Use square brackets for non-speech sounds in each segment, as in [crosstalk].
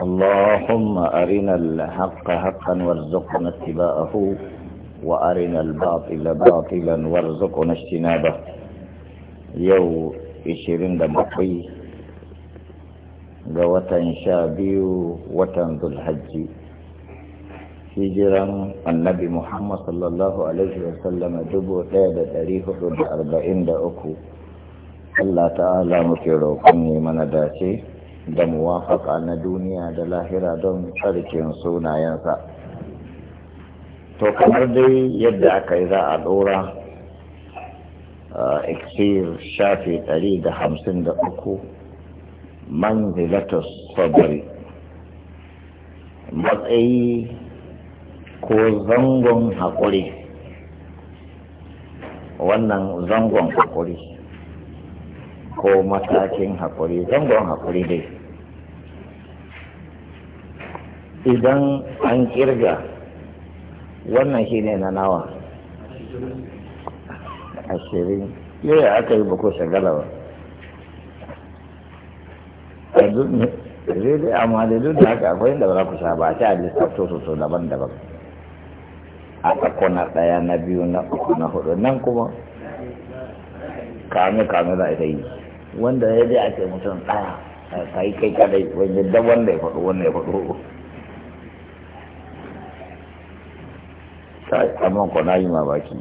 اللهم أرنا الحق حقا وارزقنا اتباعه وأرنا الباطل باطلا وارزقنا اجتنابه يو إشيرين دمقي غوتا شابي وتن ذو الحج هجرا النبي محمد صلى الله عليه وسلم دبو تادا تاريخ الأربعين دا أكو الله تعالى مكي من داتي da muwafaka na duniya da lahira don tsarkin sunayensa to kamar dai yadda aka yi za a dora iksir shafi ɗari da hamsin da uku manzilatus sabari matsayi ko zangon haƙuri wannan zangon haƙuri ko matakin hakuri zangon haƙuri dai idan an kirga wannan shi ne na nawa ashirin yaya aka yi bako shagala ba a dai amma da duk da haka akwai inda ba za ku sha ba a ci a lissafto sosai daban-daban a ɗauko na ɗaya na biyu na uku na hudu nan kuma kame kame za a yi wanda ya je a ce mutum ɗaya ka yi kai kadai wajen da wanda ya faɗo wanda ya faɗo kai amma ko na yi mamaki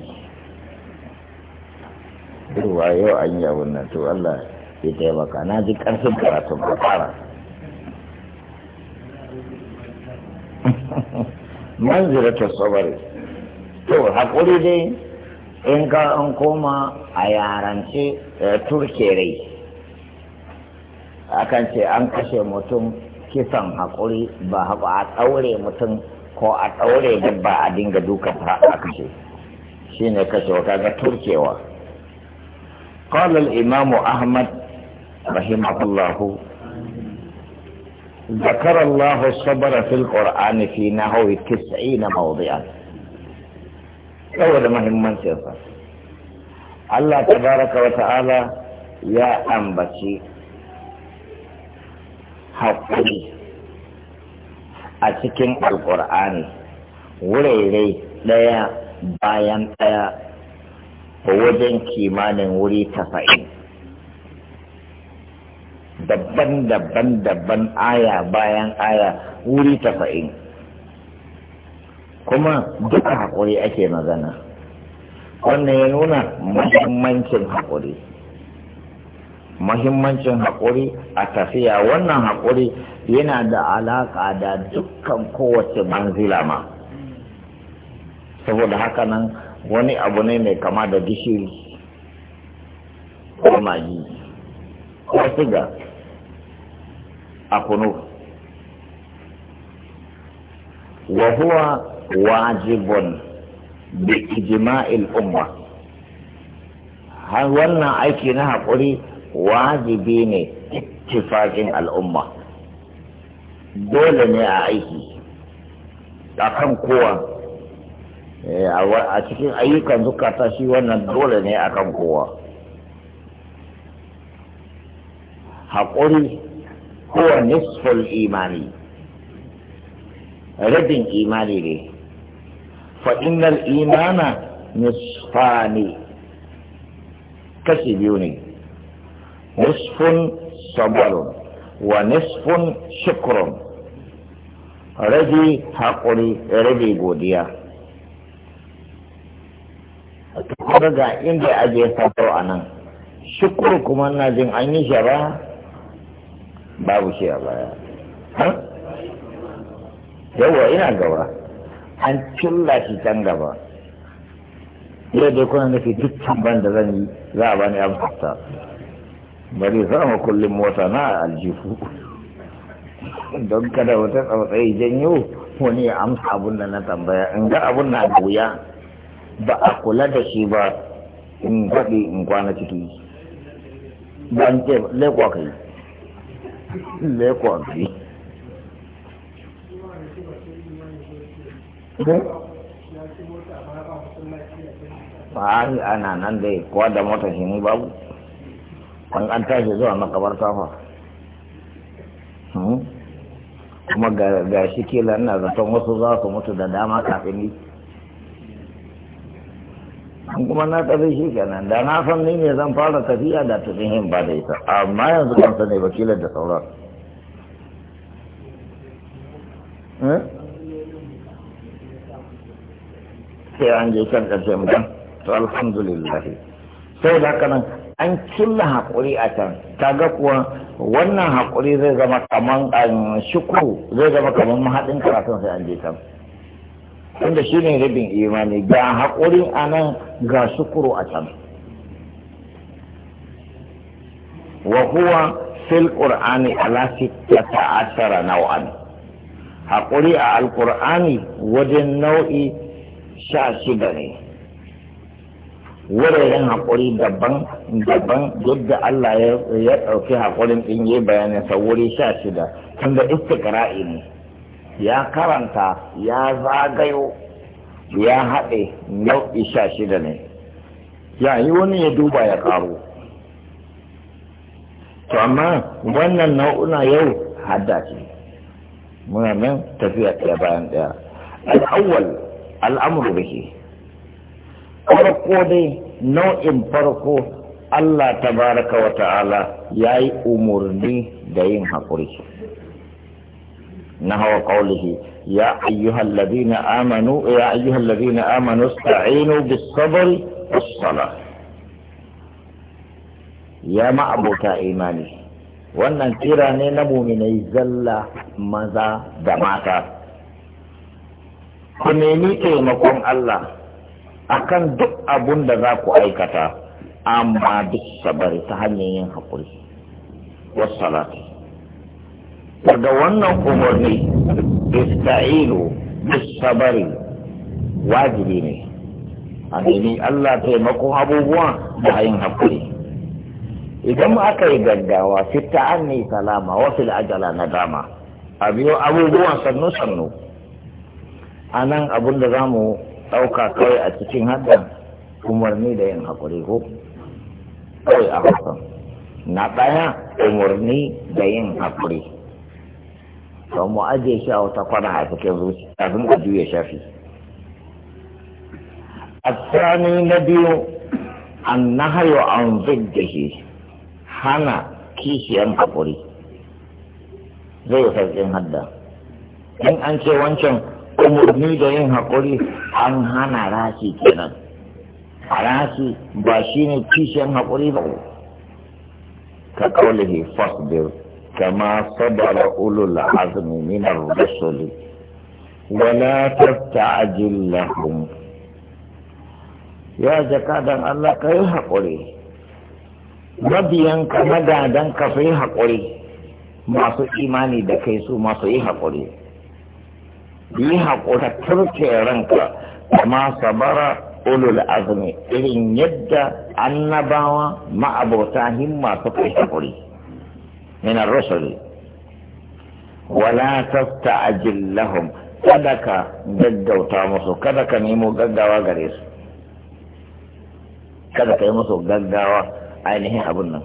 ruwa yau an yi abun nan to Allah ya taimaka na ji karfin karatu ka fara [laughs] ta sabari to hakuri ne in ka an koma a yarance eh, turkerai akan ce an kashe mutum kisan hakuri ba a tsaure mutum ko a ɗaure ba a dinga duka ta a kashe shi kashe wa kaga turkewa ƙalar imamu ahmad rahimahullahu ذكر الله الصبر في القرآن في نحو تسعين موضعا أول مهم من سيطة. الله تبارك وتعالى يا أنبتي حقني a cikin alkur'ani wurare ɗaya bayan ɗaya wajen kimanin wuri tafa'in daban-daban daban aya bayan aya wuri tafa'in kuma duk haƙuri ake magana wannan ya nuna muhimmancin haƙuri muhimmancin haƙuri a tafiya wannan haƙuri yana da alaƙa da dukkan kowace manzila ma saboda haka nan wani abu ne mai kama da gishiri ko magi ko siga a kunu wa huwa wajibun bi ijma'il umma har wannan aiki na haƙuri wajibi ne ittifaqin al'umma dole ne a aiki a kan kowa eh, a cikin ayyukan zukata shi wannan dole ne a kan kowa haƙuri kowa nisful imani rabin imani ne fa'inar imana nisfani kashi biyu ne nisfun sabarun wa nisfun shukurun. rage haƙuri rage godiya kuma ga inda aje safar a nan kuma na jin an yi shi ba babu shi a baya yawa ina gaba an cilla shi can gaba yau dai kuna nufi duk tamban da zan yi za a bani amsa bari za mu kullum mota na aljihu don kada wata tsautsayi janyo wani ya amsa abun da na tambaya in ga abun na wuya ba a kula da shi ba in faɗi in kwana ciki ban ce lekwa ka yi lekwa ka yi ba ana nan dai kuwa da mota shi ne babu an an tashi zuwa makabar fa hmm? kuma ga shi kila ina zaton wasu za su mutu da dama kafin ni kuma na tafi shi kenan da na san ni ne zan fara tafiya da tafi hin ba da ita amma yanzu kan sani ba kila da sauran eh? sai an je kan ƙarshe mutum to alhamdulillah sai da kanan an killa haƙuri a can ta ga kuwa wannan haƙuri zai zama kaman shukuru zai zama kaman mahaɗin karatun sai an je can inda shi ne rabin imani ga haƙurin a nan ga shukuru a can wa huwa fil qur'ani ala sittata ashara naw'an haƙuri a alƙur'ani wajen nau'i sha shida ne wuraren haƙuri daban daban yadda Allah ya ɗauki haƙurin ɗin yi bayanin sa wuri sha shida tun da istiƙra'i ne ya karanta ya zagayo ya haɗe nau'i sha shida ne ya yi wani ya duba ya ƙaru to amma wannan nau'una yau hadda ce muna nan tafiya ɗaya bayan ɗaya al'awwal al'amuru bihi farko dai nau'in farko Allah baraka wa ta'ala ya yi umarni da yin haƙuri na hawa ƙaulihi ya ayyuhal ladina amanu ya ayyuhal amanu sta'inu bis sabr ya ma abota imani wannan kira ne na muminai zalla maza da mata ku nemi taimakon Allah akan duk abun da za ku aikata amma duk sabari ta hanyar yin haƙuri wassalati daga wannan umarni Isra'ilu, bis sabari wajibi ne a nemi Allah taimakon abubuwa da yin haƙuri idan aka yi gaggawa fita an ne salama wasu da ajala na dama a biyo abubuwan sannu-sannu a nan abin da za mu ɗauka kawai a cikin haddan umarni da yin haƙuri ko kawai a hausa na ɗaya umarni da yin haƙuri to mu ajiye shi a wata kwana a cikin zuciya kafin a juya shafi na نبي النهي عن ضده shi hana kishiyan haƙuri. zai sauƙin hadda in an ce wancan umarni da yin haƙuri an hana rashi kenan a rashi ba shi ne kishiyan haƙuri ba ka kaulihi fasbir kama sabara ulul azmi min ar-rusuli wala tasta'jil lahum ya Dan Allah ka yi haƙuri mabiyan ka magadan ka su yi haƙuri masu imani da kai su masu yi haƙuri yi haƙura turke ranka kama sabara ulul azumi irin yadda annabawa ma'abota himma ta kai haƙuri mina ar Wala wala ajin lahum kada ka gaggauta musu kada ka nemo gaggawa gare su kada ka yi musu gaggawa ainihin abin nan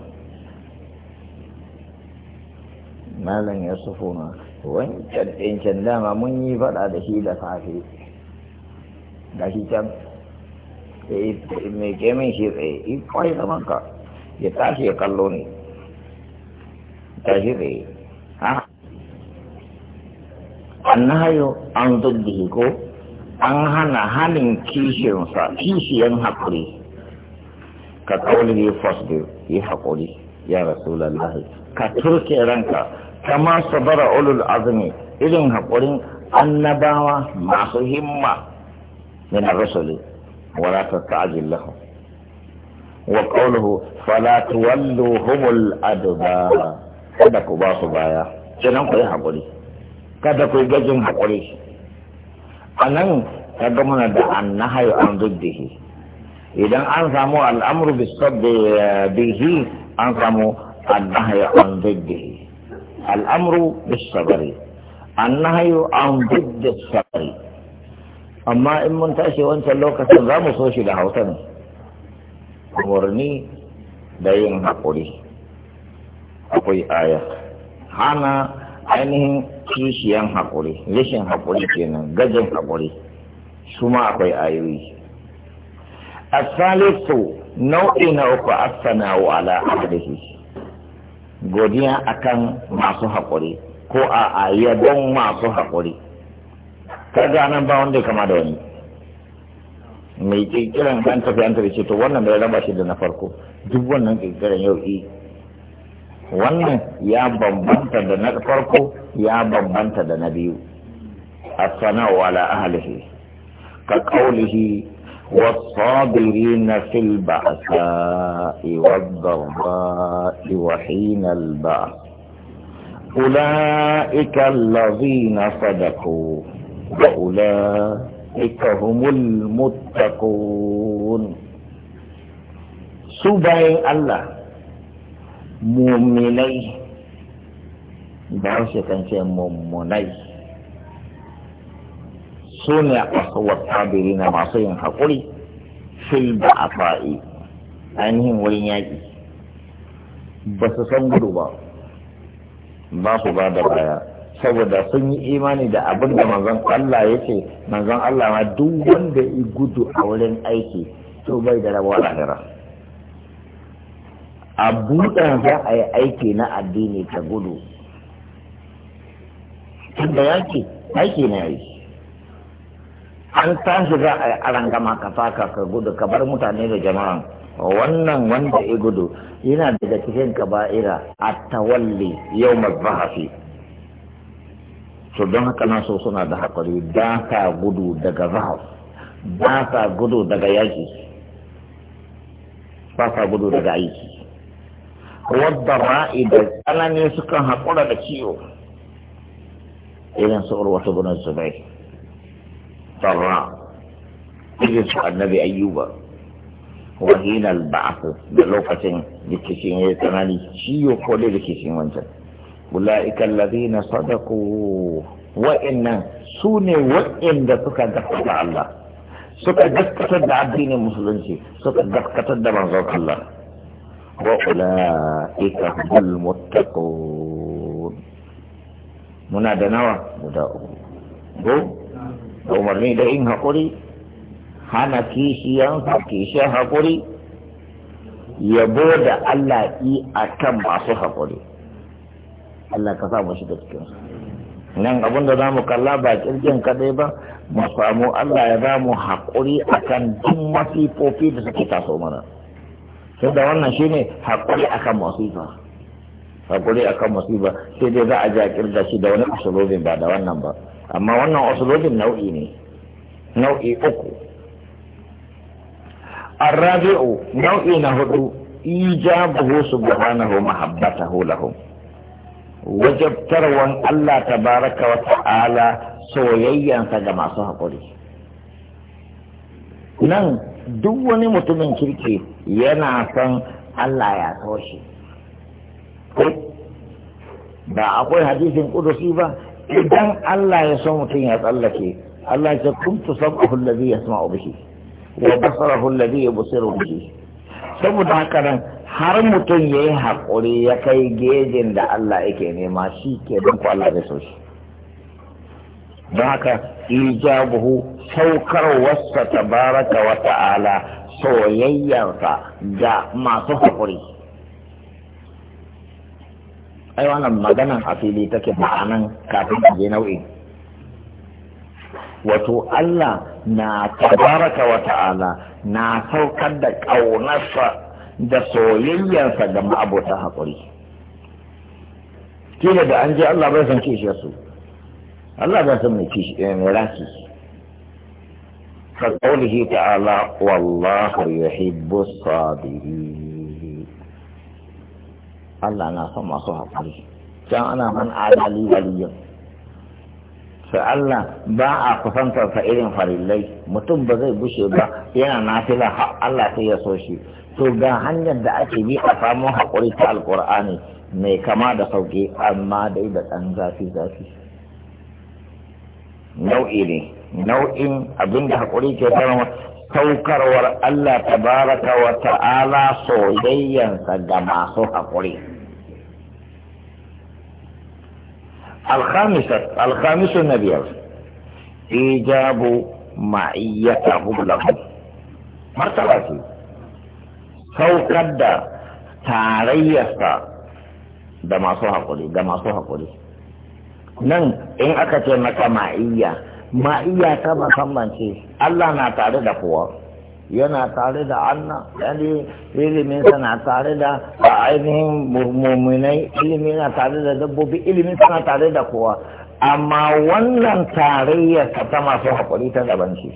malam ya sufo na wancan ɗinkin dama mun yi faɗa da shi da safe Da shi can mai kemin shi tsaye in kwai zaman ka ya tashi ya kallo ne tashi tsaye ha an hayo an zuddihi ko an hana hannun kishiyarsa kishiyan haƙuri ka kawai fasbir yi haƙuri ya rasu lallahi. ka turke ranka kama sabara ulul azumi irin haƙurin annabawa masu himma min rasuli wala tata'ajil lahum wa qawluhu fala tuwallu humul adbara kada ku ba su baya kenan ku yi haƙuri kada ku yi gajin haƙuri a nan ta gamana da an nahayu an zuddihi idan an samu al'amuru bihi an samu an nahayu an zuddihi al'amru sabari annahayu an bidda sabari amma in mun tashi wancan lokacin za mu so shi da hautan umarni da yin haƙuri akwai aya hana ainihin kishiyan haƙuri rashin haƙuri kenan gajin haƙuri su ma akwai ayoyi asalisu nau'i na uku asana wa da shi. godiya akan masu haƙuri ko a yabon masu haƙuri kaga nan ba wanda kama da wani mai kirkiran kan tafi an tafi ce to wannan da ya raba shi da na farko duk wannan kirkiran yau i wannan ya bambanta da na farko ya bambanta da na biyu a sanau ala halihi ka ƙaulihi والصابرين في البعثاء والضراء وحين البعث أولئك الذين صدقوا وأولئك هم المتقون سبعي الله مؤمني بعوشة كان مؤمنيه su ne aswar tabiri na masu yin haƙuri fil ba a fa'i ainihin wurin yaƙi ba su san gudu ba ba su ba da baya saboda sun yi imani da abin da manzon Allah ya ce manzon Allah ma duk wanda ya gudu a wurin aiki to bai da rabuwa lahira a buɗe za a yi aiki na addini ta gudu da yaƙi aiki na yi. an tashi za a yi aran gama ka faka ka gudu ka bar mutane da jama'a. wannan wanda ya gudu yana daga cikin ira a tawalli yau mazbahafi to don haka na so suna da haƙuri ba sa gudu daga zahaf ba sa gudu daga yaƙi ba sa gudu daga aiki wadda ra'i da tsanani sukan haƙura da ciwo irin su urwatu gudun zubairu. الضراء سؤال النبي أيوب وحين البعث بلوكة لكشين يتنالي شيء كل لكسين وانت أولئك الذين صدقوا وإن سوني وإن دفك دفك الله سوك دفك da addinin musulunci suka gaskatar da manzon Allah wa ulaika hul muttaqun muna da umarni da yin haƙuri hana kishiyansa kishiyan haƙuri yabo da Allah yi a kan masu haƙuri Allah ka samu shi da cikinsu nan abin da za mu kalla ba kirgin kaɗai ba mu samu Allah ya zamu mu haƙuri a kan duk masifofi da suke taso mana sai da wannan shine haƙuri a kan masifa haƙuri a kan masifa sai dai za a ja kirga shi da wani asulobin ba da wannan ba amma wannan usulobin nau'i ne nau'i uku arrabi'u nau'i na hudu ijabuhu subhanahu mahabbatahu lahum wajabtarwan Allah tabaraka wa ta'ala soyayyansa ga masu haƙuri nan duk wani mutumin kirki yana san Allah ya so ba akwai hadisin kudusi ba idan Allah ya so mutum ya tsallake Allah ya ce kun kuntu sab'ahu alladhi yasma'u bihi wa basarahu alladhi yubsiru bihi saboda haka nan har mutum ya yi haƙuri ya kai gejin da Allah yake nema shi ke don ku Allah zai so shi don haka ijabuhu saukarwarsa tabaraka wa ta'ala soyayyarsa ga masu haƙuri ai wannan maganan a fili take ma'anan kafin a je nau'in wato Allah na tabaraka wa ta'ala na saukar da ƙaunarsa da soyayyarsa ga ma'abota haƙuri kila da an je Allah bai san kishiyar su Allah bai san mai kishiyar eh, mai raki ka ƙaunihi ta'ala wallahu yuhibbu sabirin Allah na son masu haƙuri can ana man adali waliyin sai Allah ba a kusantar sa irin farillai mutum ba zai bushe ba yana nafila Allah sai ya so shi to ga hanyar da ake bi a samun haƙuri ta alƙur'ani mai kama da sauƙi amma dai da ɗan zafi zafi nau'i ne nau'in abin da haƙuri ke sarrafa saukarwar Allah tabaraka wa ta'ala soyayyansa ga masu haƙuri. الخامسة الخامس النبي إيجاب معيتهم لهم مرتبة saukar da tarayyarsa da masu haƙuri da masu haƙuri nan in aka ce maka ma'iyya ma'iya ta musamman ce Allah na tare da kowa yana tare da Allah yadda ilimin sana tare da ainihin mummunai ilimi yana tare da dabbobi ilimin sana tare da kowa amma wannan tarayya ta masu haƙuri ta gaban shi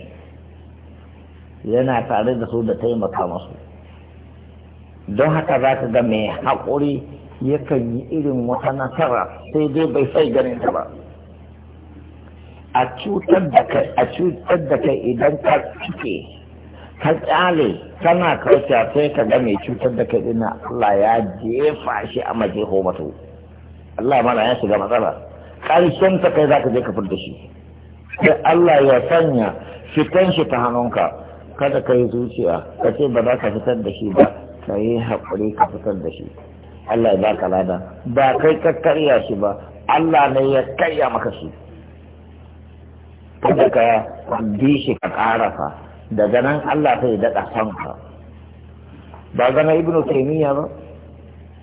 yana tare da su da taimaka masu don haka za ka ga mai haƙuri yakan yi irin wata nasara sai dai bai sai ganin ta ba a cutar da kai idan ka cike ka tsale kana kauce sai ka ga mai cutar da kai dina Allah ya jefa shi a maje hobato Allah mana ya shiga matsala karshen ta kai zaka je ka furta shi sai Allah ya sanya fitan shi ta hannunka kada ka zuciya ka ce ba za ka fitar da shi ba ka yi haƙuri ka fitar da shi Allah ya baka lada ba kai ka karya shi ba Allah ne ya karya maka shi kada ka bi shi ka ƙarafa daga nan Allah sai daɗa son ba gana ibnu taimiyya ba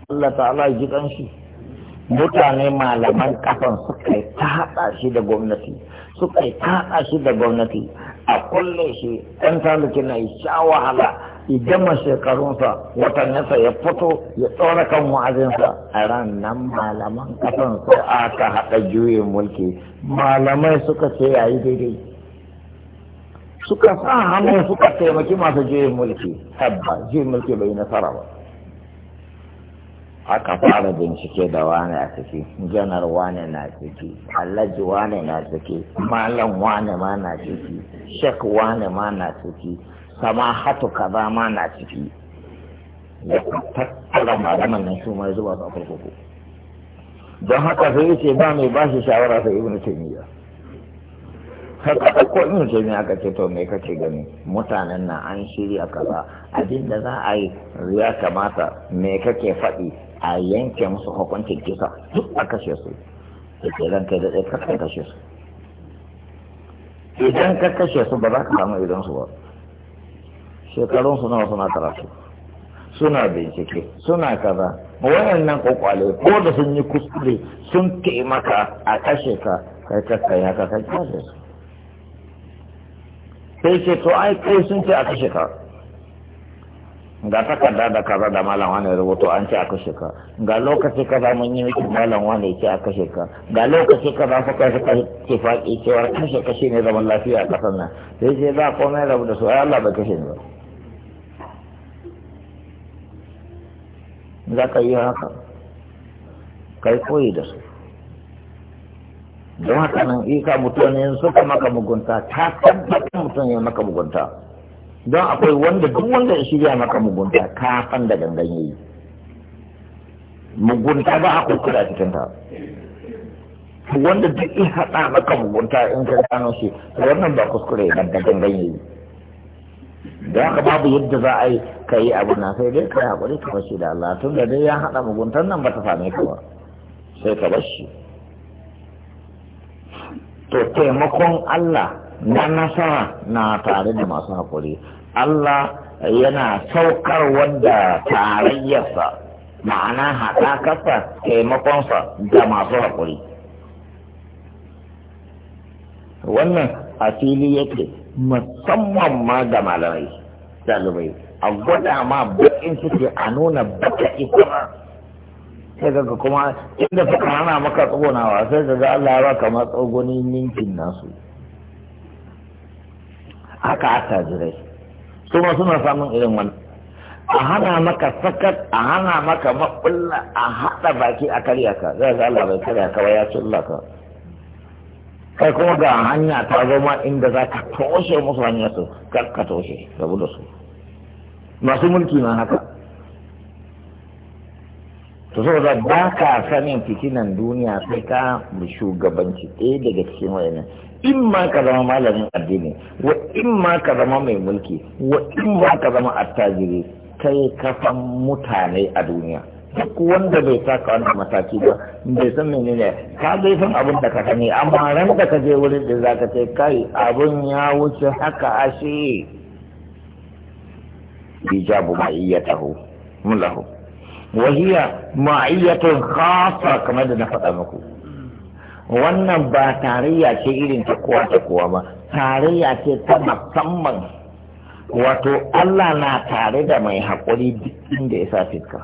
Allah ta'ala ji shi mutane malaman kafan suka yi ta haɗa shi da gwamnati suka yi ta haɗa shi da gwamnati a kulle shi ɗan taluki na yi sha wahala idan shekarunsa watanninsa ya fito ya tsora kan wa'azinsa a ran nan malaman kafan sai aka haɗa juyin mulki malamai suka ce yayi daidai suka sa hannu suka taimaki masu juyin mulki tabba juyin mulki bai nasara ba aka fara bincike da wane a ciki janar wane na ciki alhaji wane na ciki malam wane ma na ciki shek wane ma na ciki sama hatu kaza ma na ciki da tattara malaman nan su mai zuwa a kurkuku don haka sai yace ba mai bashi shawara sai ibnu taymiyyah ko in ce ne aka ce to me kake gani mutanen na an shirya kaza abin da za a yi ya kamata me kake faɗi a yanke musu hukuncin kisa duk a kashe su da ke ran kai daɗe ka kashe su idan ka kashe su ba za ka samu idan su ba shekarun su nawa suna karatu suna bincike suna kaza wayannan kokwale ko da sun yi kuskure sun taimaka a kashe ka kai kakkan haka ka kai kashe su sai ce to ai kai sun ce a kashe ka ga takarda da kaza da malam wani rubuto an ce a kashe ka ga lokaci kaza mun yi miki malam wani ce a kashe ka ga lokaci kaza fa kai suka ce faɗi cewa kashe kashe ne zaman lafiya a ƙasar nan sai ce za komai rabu da su ai Allah bai kashe ni ba za ka yi haka kai koyi da su don haka nan ika mutane suka maka mugunta ta tabbatar mutum ya maka mugunta don akwai wanda duk wanda ya shirya maka mugunta ka san da gangan yayi mugunta ba a kuskure a cikin ta wanda duk in haɗa maka mugunta in ka gano shi wannan ba kuskure ba da gangan yayi da haka babu yadda za a yi ka yi abu na sai dai ka yi haƙuri ka fashe da Allah tun da dai ya haɗa muguntar nan ba ta same ka ba sai ka bar shi to taimakon Allah na nasara na tare da masu haƙuri Allah yana saukar wanda tarayyarsa ma'ana haɗakarsa taimakonsa da masu haƙuri wannan a yake musamman ma ga malamai ɗalibai a gwada ma bakin suke a nuna baka isra sai ga kuma inda suka hana maka tsogonawa sai ga Allah ya ka matsogoni ninkin nasu haka aka jirai su ma suna samun irin wani a hana maka sakat a hana maka maɓulla a haɗa baki a karya ka zai ga Allah bai karya ka ba ya ci ka kai kuma ga hanya ta zama inda za ka toshe musu hanyar su ka toshe da su masu mulki na haka to so da ba ka sanin fitinan duniya sai ka shugabanci ɗaya daga cikin wayannan in ma ka zama malamin addini wa in ma ka zama mai mulki wa in ma ka zama attajiri kai kafan mutane a duniya duk wanda bai saka wani mataki ba bai san menene ka dai san abin da ka sani amma ran da ka je wurin da zaka ce kai abin ya wuce haka ashe ijabu ma iya taho mulahu wahiya ma'iyatun khasa kamar da na faɗa muku wannan ba tarayya ce irin ta kowa ta kowa ba tarayya ce ta musamman wato Allah na tare da mai haƙuri duk inda ya sa fitka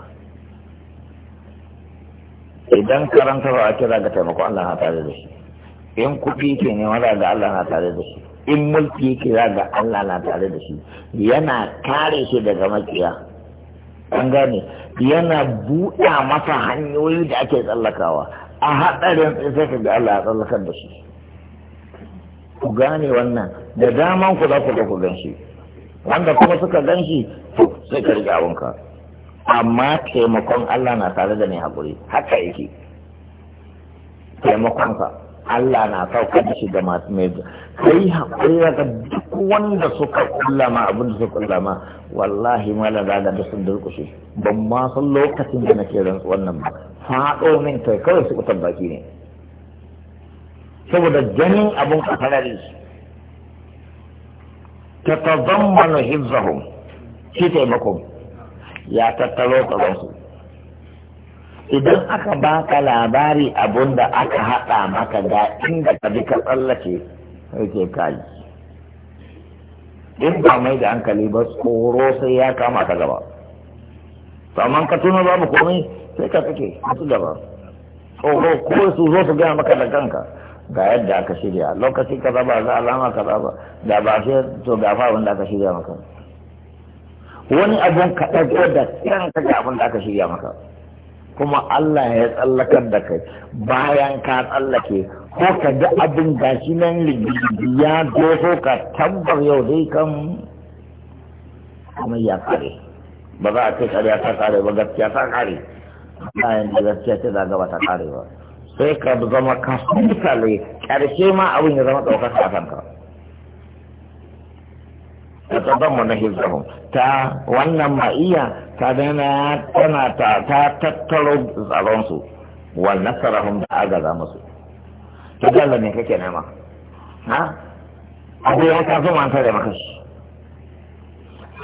idan karanta ba a kira ga taimako Allah na tare da shi in kuɗi ke ne wanda ga Allah na tare da shi in mulki yake za ga Allah na tare da shi yana kare shi daga maƙiya. an gane yana buɗa masa hanyoyi da ake tsallakawa a haɗarin sai ka ga Allah ya tsallakar da su ku gane wannan da daman ku za ku ga ku gan shi wanda kuma suka gan shi to sai ka riga abinka amma taimakon Allah na tare da ni haƙuri haka yake taimakonka Allah na sauka da shi da masu mai kai haƙuri daga wanda suka kullama abin da suka kullama wallahi mala da ga sun durkushe ban ma san lokacin da nake rantsu wannan ba faɗo min kai kawai su kutan baki ne saboda ganin abin kafarari ta na hizzahum shi taimakon ya tattaro su. idan aka baka labari abun da aka haɗa maka ga inda ka bi ka tsallake sai ke kaji in ba mai da hankali ba tsoro sai ya kama ta gaba to amma ka tuna babu komai sai ka kake su gaba tsoro ko su zo su gaya maka da kanka ga yadda aka shirya lokaci ka ba za alama ka ba da ba sai to ga fa wanda aka shirya maka wani abin ka ɗago da ka ga abin da aka shirya maka kuma Allah ya tsallakar da kai bayan ka tsallake ko ka ga abin shi nan ya doso ka tabbar yau dai kan amai ya kare ba za a ce kariya ta kare ba gaskiya ta kare bayan da gaskiya ta zaga ba ta kare ba sai ka zama ka sukale karshe ma abin ya zama ɗaukar ka kanka ta tsadan na hizahun ta wannan ma'iyya ta dana tana ta tattaro tsaronsu wa nasarahun da za musu to dalla ne kake nema ha abu ya ka zo ta da maka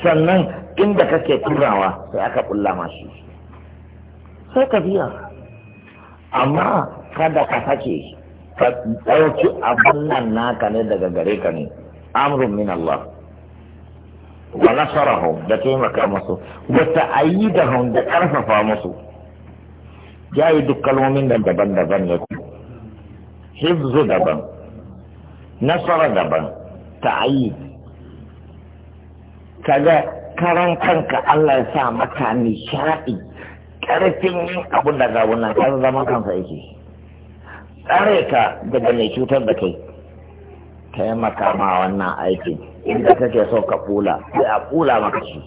sannan inda kake turawa sai aka kulla masu sai ka biya amma kada ka sake ka dauki abun nan naka ne daga gare ka ne amrun min Allah wa nasarahu da taimaka musu wa ta'ayyidahum da karfafa musu jayi duk kalmomin da daban-daban ne Hibzo daban nasara daban ta'ayi kaga karan kanka Allah ya sa maka nishaɗi ƙarfin yin abu daga wannan kan zaman kansa yake tsare ka daga mai cutar da kai taimaka ma wannan aikin inda kake so ka kula sai a kula maka shi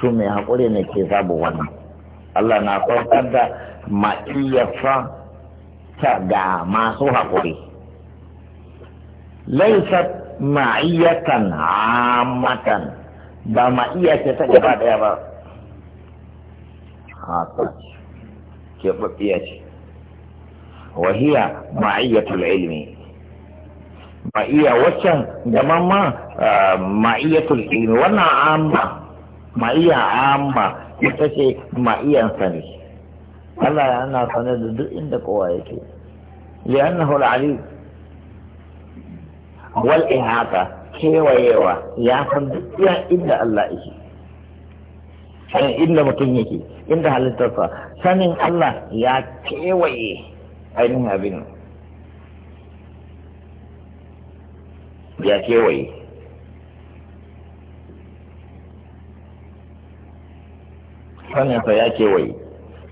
to mai haƙuri ne ke zabu wannan Allah na kwakwar da ma'iyyarsa ta ga masu haƙuri laifat ma'iyyatan amatan ba ma'iya ce ta gaba ɗaya ba haka ce keɓaɓɓiya ce wahiya ma'iyyatul ilmi ma'iya waccan gaman ma ma'iyyatul ilmi wannan amma ma'iya amma ita ce ma'iyan sani Allah ya ana sanar da duk inda kowa yake annahu al ali wal ihata kewayewa ya san duk inda Allah yake inda mutum yake inda halittarsa sanin Allah ya kewaye ainihin abin ya kewaye sanin ta ya kewaye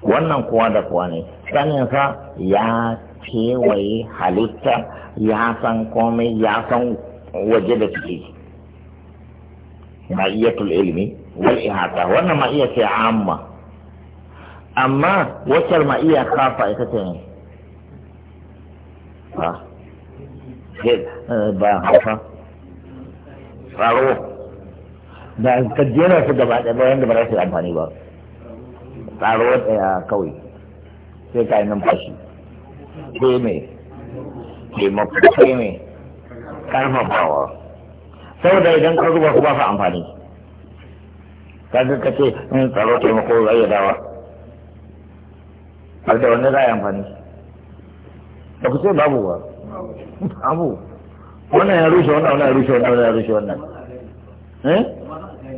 wannan kuwa da kuwa ne saninsa ya kewaye halitta ya san komai ya san waje da ciki ma'iyatul ilmi wal ihata wannan ma'iya ce amma amma wacce ma'iya kafa ita ce ne eh, ba hausa tsaro da ka su gaba ɗaya bayan da ba za su yi amfani ba tsaro ɗaya kawai sai ka yi numfashi ke mai taimako sai mai karfafawa saboda idan ka zuba ku ba su amfani kaga ka ce in hmm, tsaro taimako zai ya dawa har da wani zai amfani da ku ce babu ba babu wannan ya rushe wannan wannan ya rushe wannan wannan ya rushe wannan eh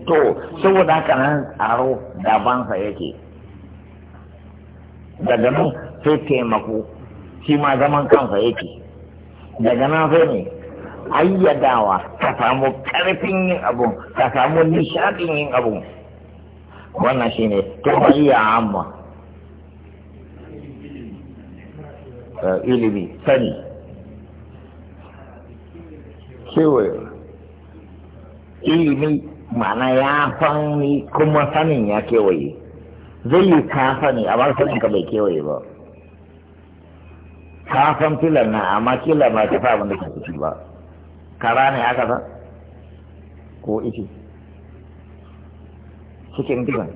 to saboda haka nan tsaro daban sa yake daga nan sai taimako shi ma zaman kansa yake daga nan sai ne ayyadawa ka samu karfin yin abun ka samu nishadin yin abun wannan shi ne iya amma eh, ilimi sani kewaye ilimi ma'ana ya fani kuma sanin ya kewaye zai yi kafa ne amma sanin ka bai kewaye ba kafan filan na amma kila ba ta fa abin da ke ciki ba kara ne aka san ko ishi cikin dukan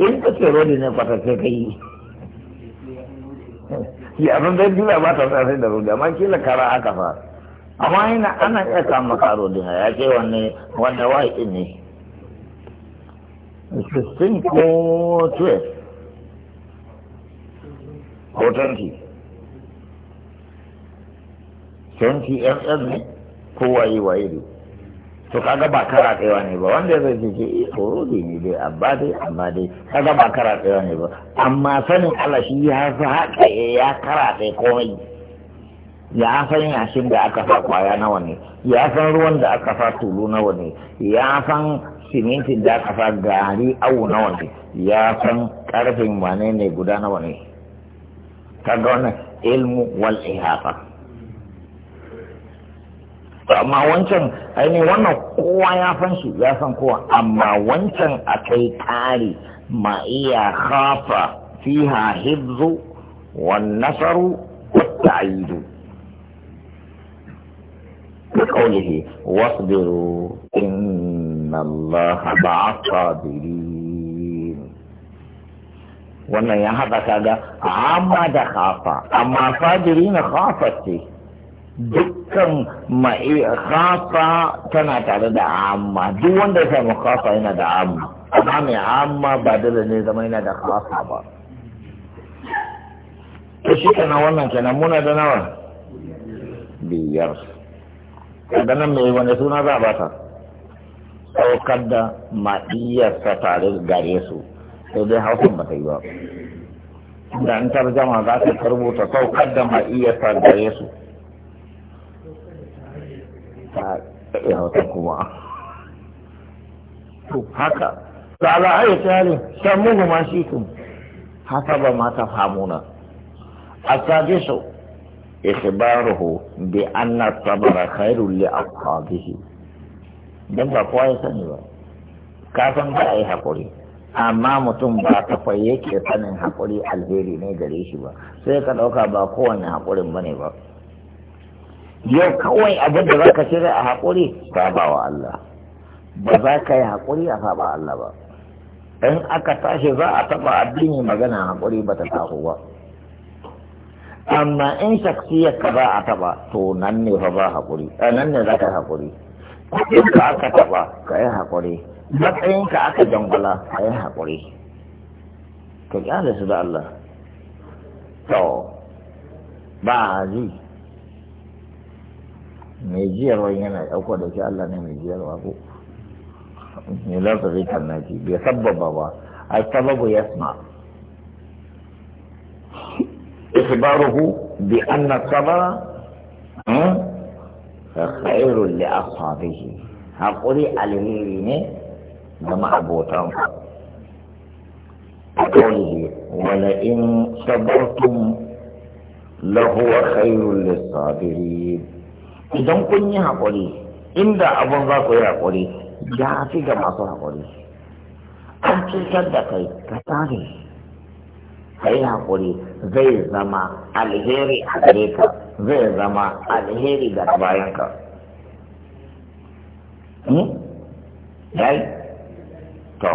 in ka ce rodi ne ce ka yi ya abin da dila ba ta sai da rodi amma kila kara aka fa amma yana ana iya samun karo rodi ya ce wanne wanda wa'i ne 16 ko 12 ko 20 20 ms ne ko waye waye ne to kaga ba kara tsayawa ne ba wanda zai ce ce eh, ko eh, korodi ne dai amma dai amma dai kaga ba kara tsayawa ne ba amma sanin Allah shi ya fi haka eh, ya kara tsaye komai ya san yashin da aka sa kwaya nawa ne ya san ruwan da aka sa tulu nawa ne ya san simintin da aka fa gari awu nawa ne ya san karfin wane ne guda nawa ne kaga wannan ilmu wal ihata amma wancan ainihin wannan kowa ya san shi ya san kowa amma wancan a kai kari ma iya hafa fiha hibzu wan nasaru wat ta'idu wasu واصبروا in ان الله مع الصابرين وانا يا هذا كذا عما خافا اما صابرين خافت دكم ما خافا كنا تعالى دا عما دوان دا سام خافا انا دا عما عما عما بدل ان دا مينا دا خافا با كشي كنا وانا كنا مونا دا نوان بيارس كدنا ميوانسونا دا باتا saukar da maɗiyarsa tare gare su sai dai hausan ba ta yi ba da an tarjama za ta karbuta saukar da maɗiyarsa gare su ta iya hausa kuma to haka da ala'ayi ta yi mugu ma shi tun haka ba ma ta famuna a ba ikhbaruhu bi an anna sabara khairul li aqabihi don ba kowa ya sani ba kafin ba a yi haƙuri amma mutum ba ta yake sanin haƙuri alheri ne gare shi ba sai ka ɗauka ba kowane haƙurin ba ne ba yau kawai abin da za ka shirya a haƙuri Ba wa Allah ba za ka yi haƙuri a saba Allah ba in aka tashi za a taɓa addini magana haƙuri ba ta taho ba amma in shaksiyar ka za a taɓa to nan ne fa ba haƙuri eh, nan ne za ka haƙuri kuɗinka aka taɓa ka yi haƙuri matsayinka aka jangwala ka yi haƙuri ka ƙyale su da Allah to ba a ji mai jiyarwa yana ɗauka da shi Allah ne mai jiyarwa ko ne lafafi kan naki bai sabbaba ba a sababu yasma isbaruhu bi anna sabara hmm? khairun li ashabihi haƙuri alheri ne ga ma'abotan قوله ولئن صبرتم لهو خير للصابرين idan kun yi haƙuri inda abun za ku yi haƙuri ya fi ga masu haƙuri an cutar da kai ka tare ka yi zai zama alheri a gare ka zai zama alheri ga bayanka ka. Hmm? to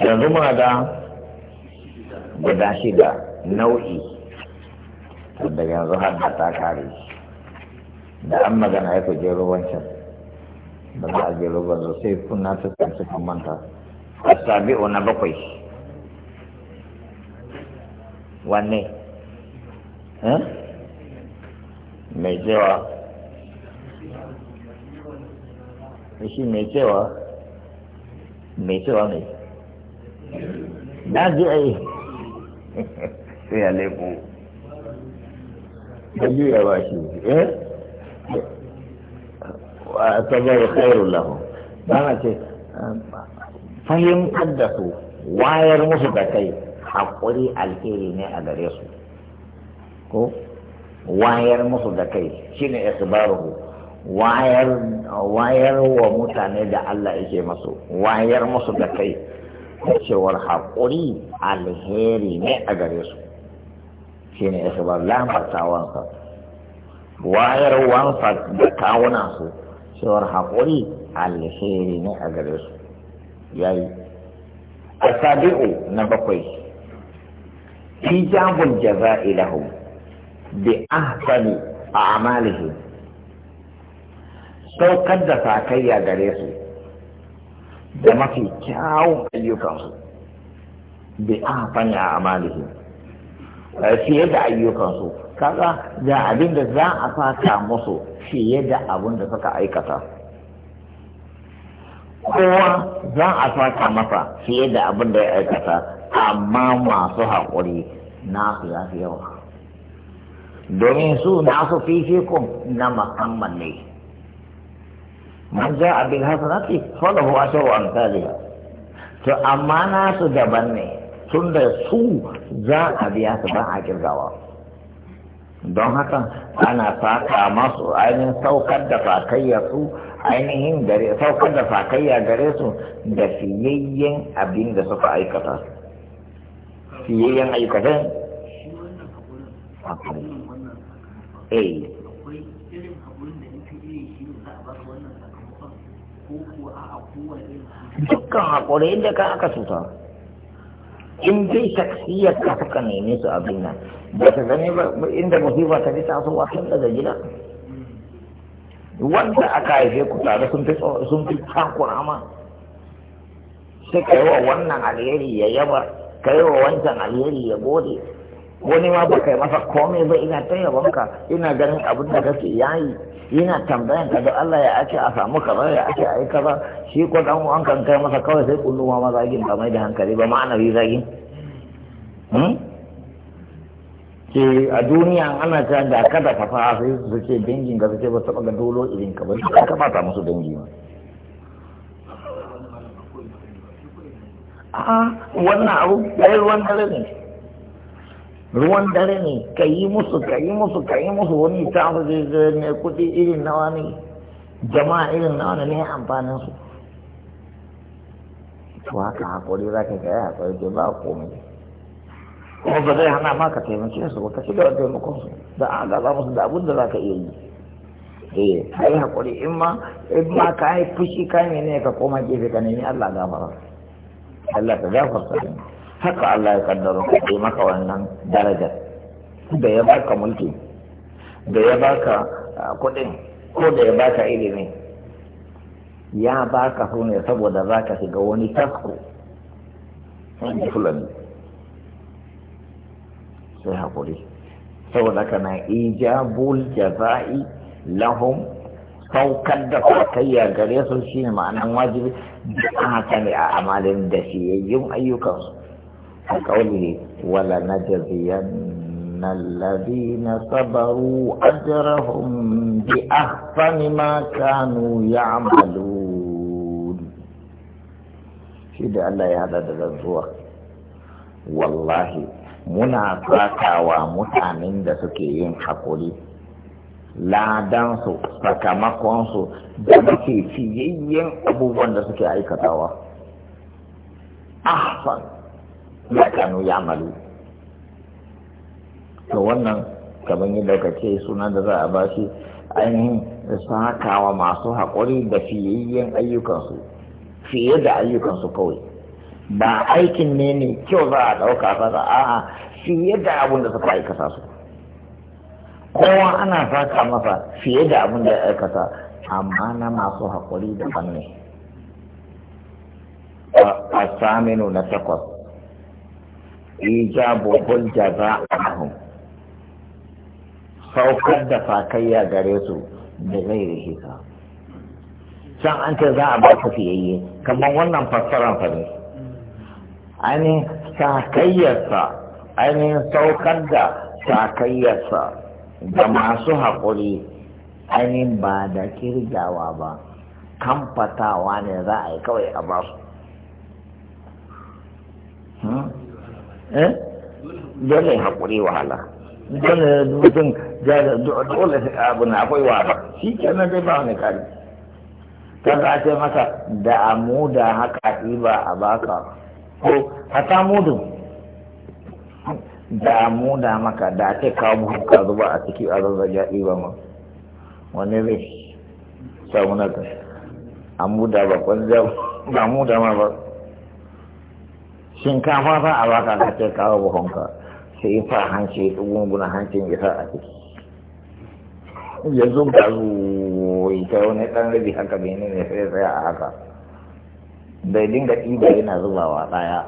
yanzu muna da guda shida nau'i da yanzu har da ta kare da an magana ya kuje wancan da za a je ruwan sai kuna ta tsanci manta a sabi'u na bakwai wanne mai cewa shi mai cewa mai cewa mai na ji a yi [laughs] sai ya laifu ta juya ba shi eh a saboda khairun lahu ba na ce fahimtar da su wayar musu da kai haƙuri alheri ne a gare su ko wayar musu da kai ne isbaruhu wayar wayar wa mutane da Allah yake masu wayar musu da kai cewar haƙuri alheri ne a gare su shi ne shine isbar wayar wansa da kawuna su cewar haƙuri alheri ne a gare su yayi sabi'u na bakwai hijabul jaza'i lahum bi ahsani a'malihim saukar da ya gare su da mafi kyawun ayyukansu bi ahsani a'malihim fiye da ayyukansu kaga da abin da za a saka musu fiye da abin da suka aikata kowa za a saka masa fiye da abin da ya aikata amma masu haƙuri nasu ya fi yawa domin su nasu fifikun na musamman ne man ja abin hasanati falahu wa amsalha to amma nasu daban ne tun da su za a biya su ba a kirgawa don haka ana saka masu ainihin saukar da fakayya su ainihin saukar da fakayya gare su da fiyayyen abin da suka aikata fiyayyen aikatan hakuri eh dukkan hakuri inda ka aka cuta in dai taksiyar ka suka neme su abin nan ba ta zane ba inda musiba ta fi tasowa tun daga gida wanda aka haife ku tare sun fi sun fi takura ma sai ka yi wa wannan alheri ya yaba ka yi wa wancan alheri ya gode wani ma ba kai masa komai ba ina ta ka ina ganin abin da kake yayi ina tambayan ka da Allah ya ake a samu kaza ya ake a yi kaza shi ko dan uwan kan kai masa kawai sai kulluma ma zagin ba mai da hankali ba ma'ana yi zagin hmm? ke a duniya ana ta da kada ka fa sai su ce dangin ga su ce ba taba ga dolo irin ka ba ka musu dangi ma a wannan abu ɗaya ruwan dare ne ruwan dare ne ka yi musu ka yi musu ka yi musu wani ta zai ne kudi irin nawa ne jama'a irin nawa ne amfanin su to haka hakuri za ka gaya a ke ba a komai kuma ba zai hana ma ka taimake su ba ka ci gaba taimakon su da a gaza musu da abin da za ka iya yi eh kai hakuri in ma in ma ka yi fushi ka ne ka koma gefe ka nemi Allah gafara Allah ta gafarta ne haka Allah ya kaddara ka kai maka wannan darajar da ya baka mulki da ya baka ah, kuɗin ko da ya baka ilimi ya baka su ne saboda za ka shiga wani tasko wani fulani sai haƙuri saboda kana ijabul jaza'i lahum saukar da kwatayya gare su shi ne ma'anan wajibi da haka ne a amalin da shi ya ayyukan ayyukansu a kauli wala na jaziyan ma kanu ya amalu Shi da Allah ya hada da zuwa. Wallahi muna fatawa mutanen da suke yin hakuri. ladansu sakamakonsu da muke fiyayyen abubuwan da suke aikatawa ahsan ya kanu ya malu to wannan kamar yadda ka ce suna da za a ba shi ainihin sakawa masu haƙuri da fiyayyen ayyukansu fiye da ayyukansu kawai ba aikin ne ne kyau za a ɗauka ba a'a fiye da abun da suka aikata su kowa ana saka masa fiye da abin da ya aikata amma na masu haƙuri da fanni a saminu na takwas ijabu hujja jaza a ahun saukar da fakayya gare su da zai ka can an ce za a ba ku fiyayye kamar wannan fassaran fa ne ainihin sakayyarsa ainihin saukar da sakayyarsa da masu haƙuri ainihin ba da kirgawa ba kamfatawa ne za a yi kawai a ba su hmm? eh? dole haƙuri wahala dole mutum dole abu na akwai wahala shi kenan dai ba wani kari ta za ce masa da amu da haka ba a baka ko hata mudu da mu da maka da ce kawo mu zuba a ciki a zazzaja iya ma wani zai samu na ka an mu da bakon ba mu da ma ba shinkafa fa a baka ka ce kawo buhonka sai fa hanci gungunan hancin ya sa a ciki yanzu ka zuwa ta wani ɗan rabi haka bai ne sai tsaya a haka bai dinga ɗiba yana zubawa ɗaya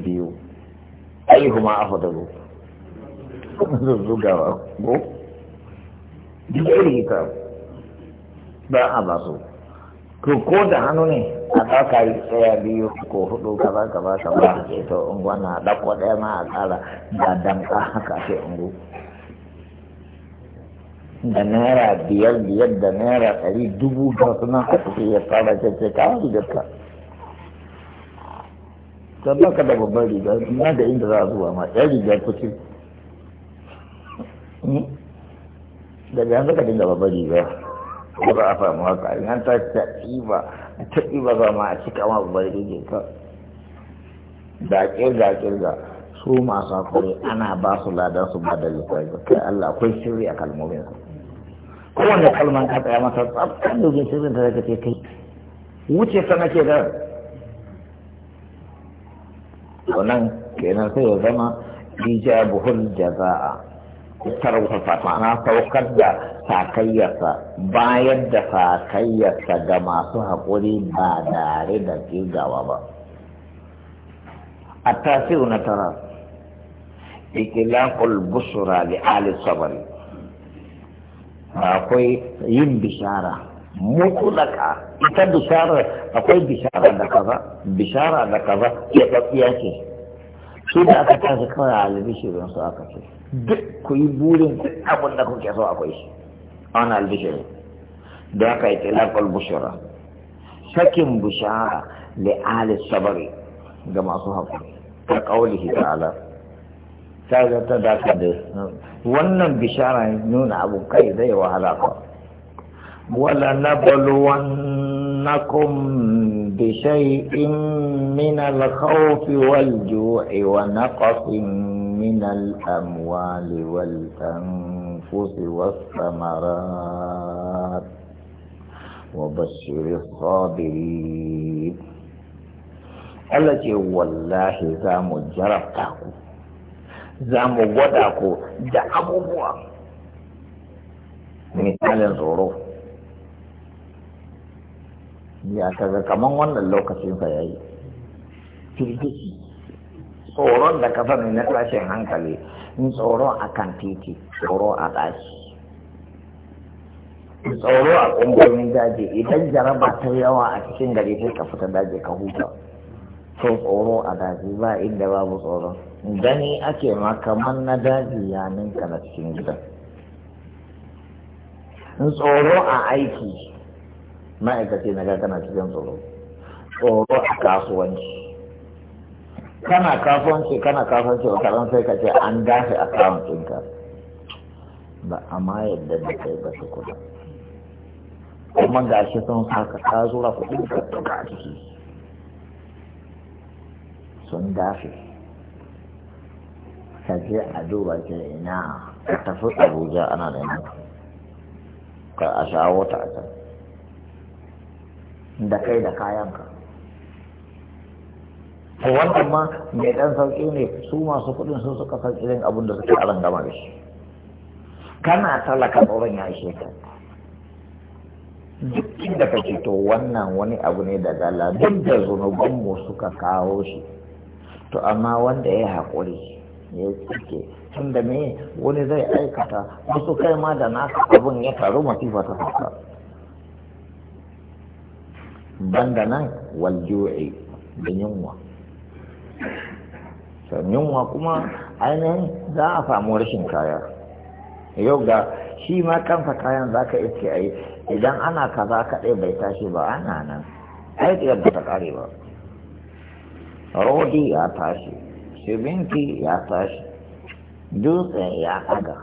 biyu ayyuhuma afdalu zugawa ko digiri ta ba a ba su to ko da hannu ne a ɗauka yi tsaya biyu ko hudu kaza kaza kaza ke to unguwa na ɗauko ɗaya ma a tsara da danka haka ce ungu da naira biyar biyar da naira ɗari dubu ga suna a cikin ya tsara ce ce kawai da ka baka da babban riga na da inda za a zuwa ma yan riga ta hmm? daga yanzu ka dinga babban riga ko za a samu haka yan ta ta ɗiba ta ɗiba za ma a cika ma babban riga ka da kirga kirga su masu hakuri ana ba su ladan su ba da lissafi kai Allah akwai sirri a kalmomin su kowanne kalman ka tsaya masa tsabtan da sirrin da zaka ce kai wuce ta ke da wannan kenan sai ya zama ijabuhul jaza'a tarwafa ma'ana saukar da sakayyarsa bayar da sakayyarsa ga masu haƙuri ba dare da gigawa ba a tasiru na tara ikilakul busura li ali sabari akwai yin bishara mutulaka ita bishara akwai bishara da kaza bishara da kaza ya tsakiya ce shi da aka tashi kawai a albishirin su aka ce duk ku yi burin duk abin da kuke so akwai shi a wani albishirin da aka yi tilakul bushara sakin bishara da ahli sabari ga masu haƙuri ta ƙaulihi ta'ala ta ga ta dace da wannan bishara nuna abu kai zai wahala ka wala nabluwan يمدنكم بشيء من الخوف والجوع ونقص من الأموال والأنفس والثمرات وبشر الصابرين التي والله زام مجربتكم زام مغدكم ذا أبوبوا مثال الظروف ya kaga kaman wannan lokacin sa yayi firgici tsoron da ka sani na tashin hankali in tsoro a kan titi tsoro a ɗaki tsoro a ƙungumin daji idan jaraba ta yawa a cikin gari sai ka fita daji ka huta to tsoro a daji ba inda babu tsoron gani ake ma kamar na daji ya ninka na cikin gidan tsoro a aiki ma'aikaci na ga kana cikin tsoro tsoro a kasuwanci kana kasuwanci kana kasuwanci wata karan sai ka ce an gafe a kawon ka. ba a ma yadda da kai ba su kuɗa kuma ga shi sun saka ka zura kuɗin ka tuka a ciki sun gafe ka je a duba ce ina ka tafi abuja ana da yanzu ka a shawo ta a can da kai da kayanka to wannan ma mai dan sauki ne su masu kuɗin sun suka san irin abin da suke aran gama da shi kana talaka tsoron ya ishe ka duk inda ce to wannan wani abu ne da gala duk da mu suka kawo shi to amma wanda ya haƙuri ya tsike tun da me wani zai aikata wasu kai ma da naka abin ya taru masifa ta fuska banda nan waljo'i da yunwa yunwa kuma ainihin za a samu rashin kaya yau ga shi ma kanka kayan za ka iske a yi idan ana kaza kaɗai bai tashi ba ana nan aikiyar yadda ta ƙare ba rodi ya tashi shibinki ya tashi dutse ya ɗaga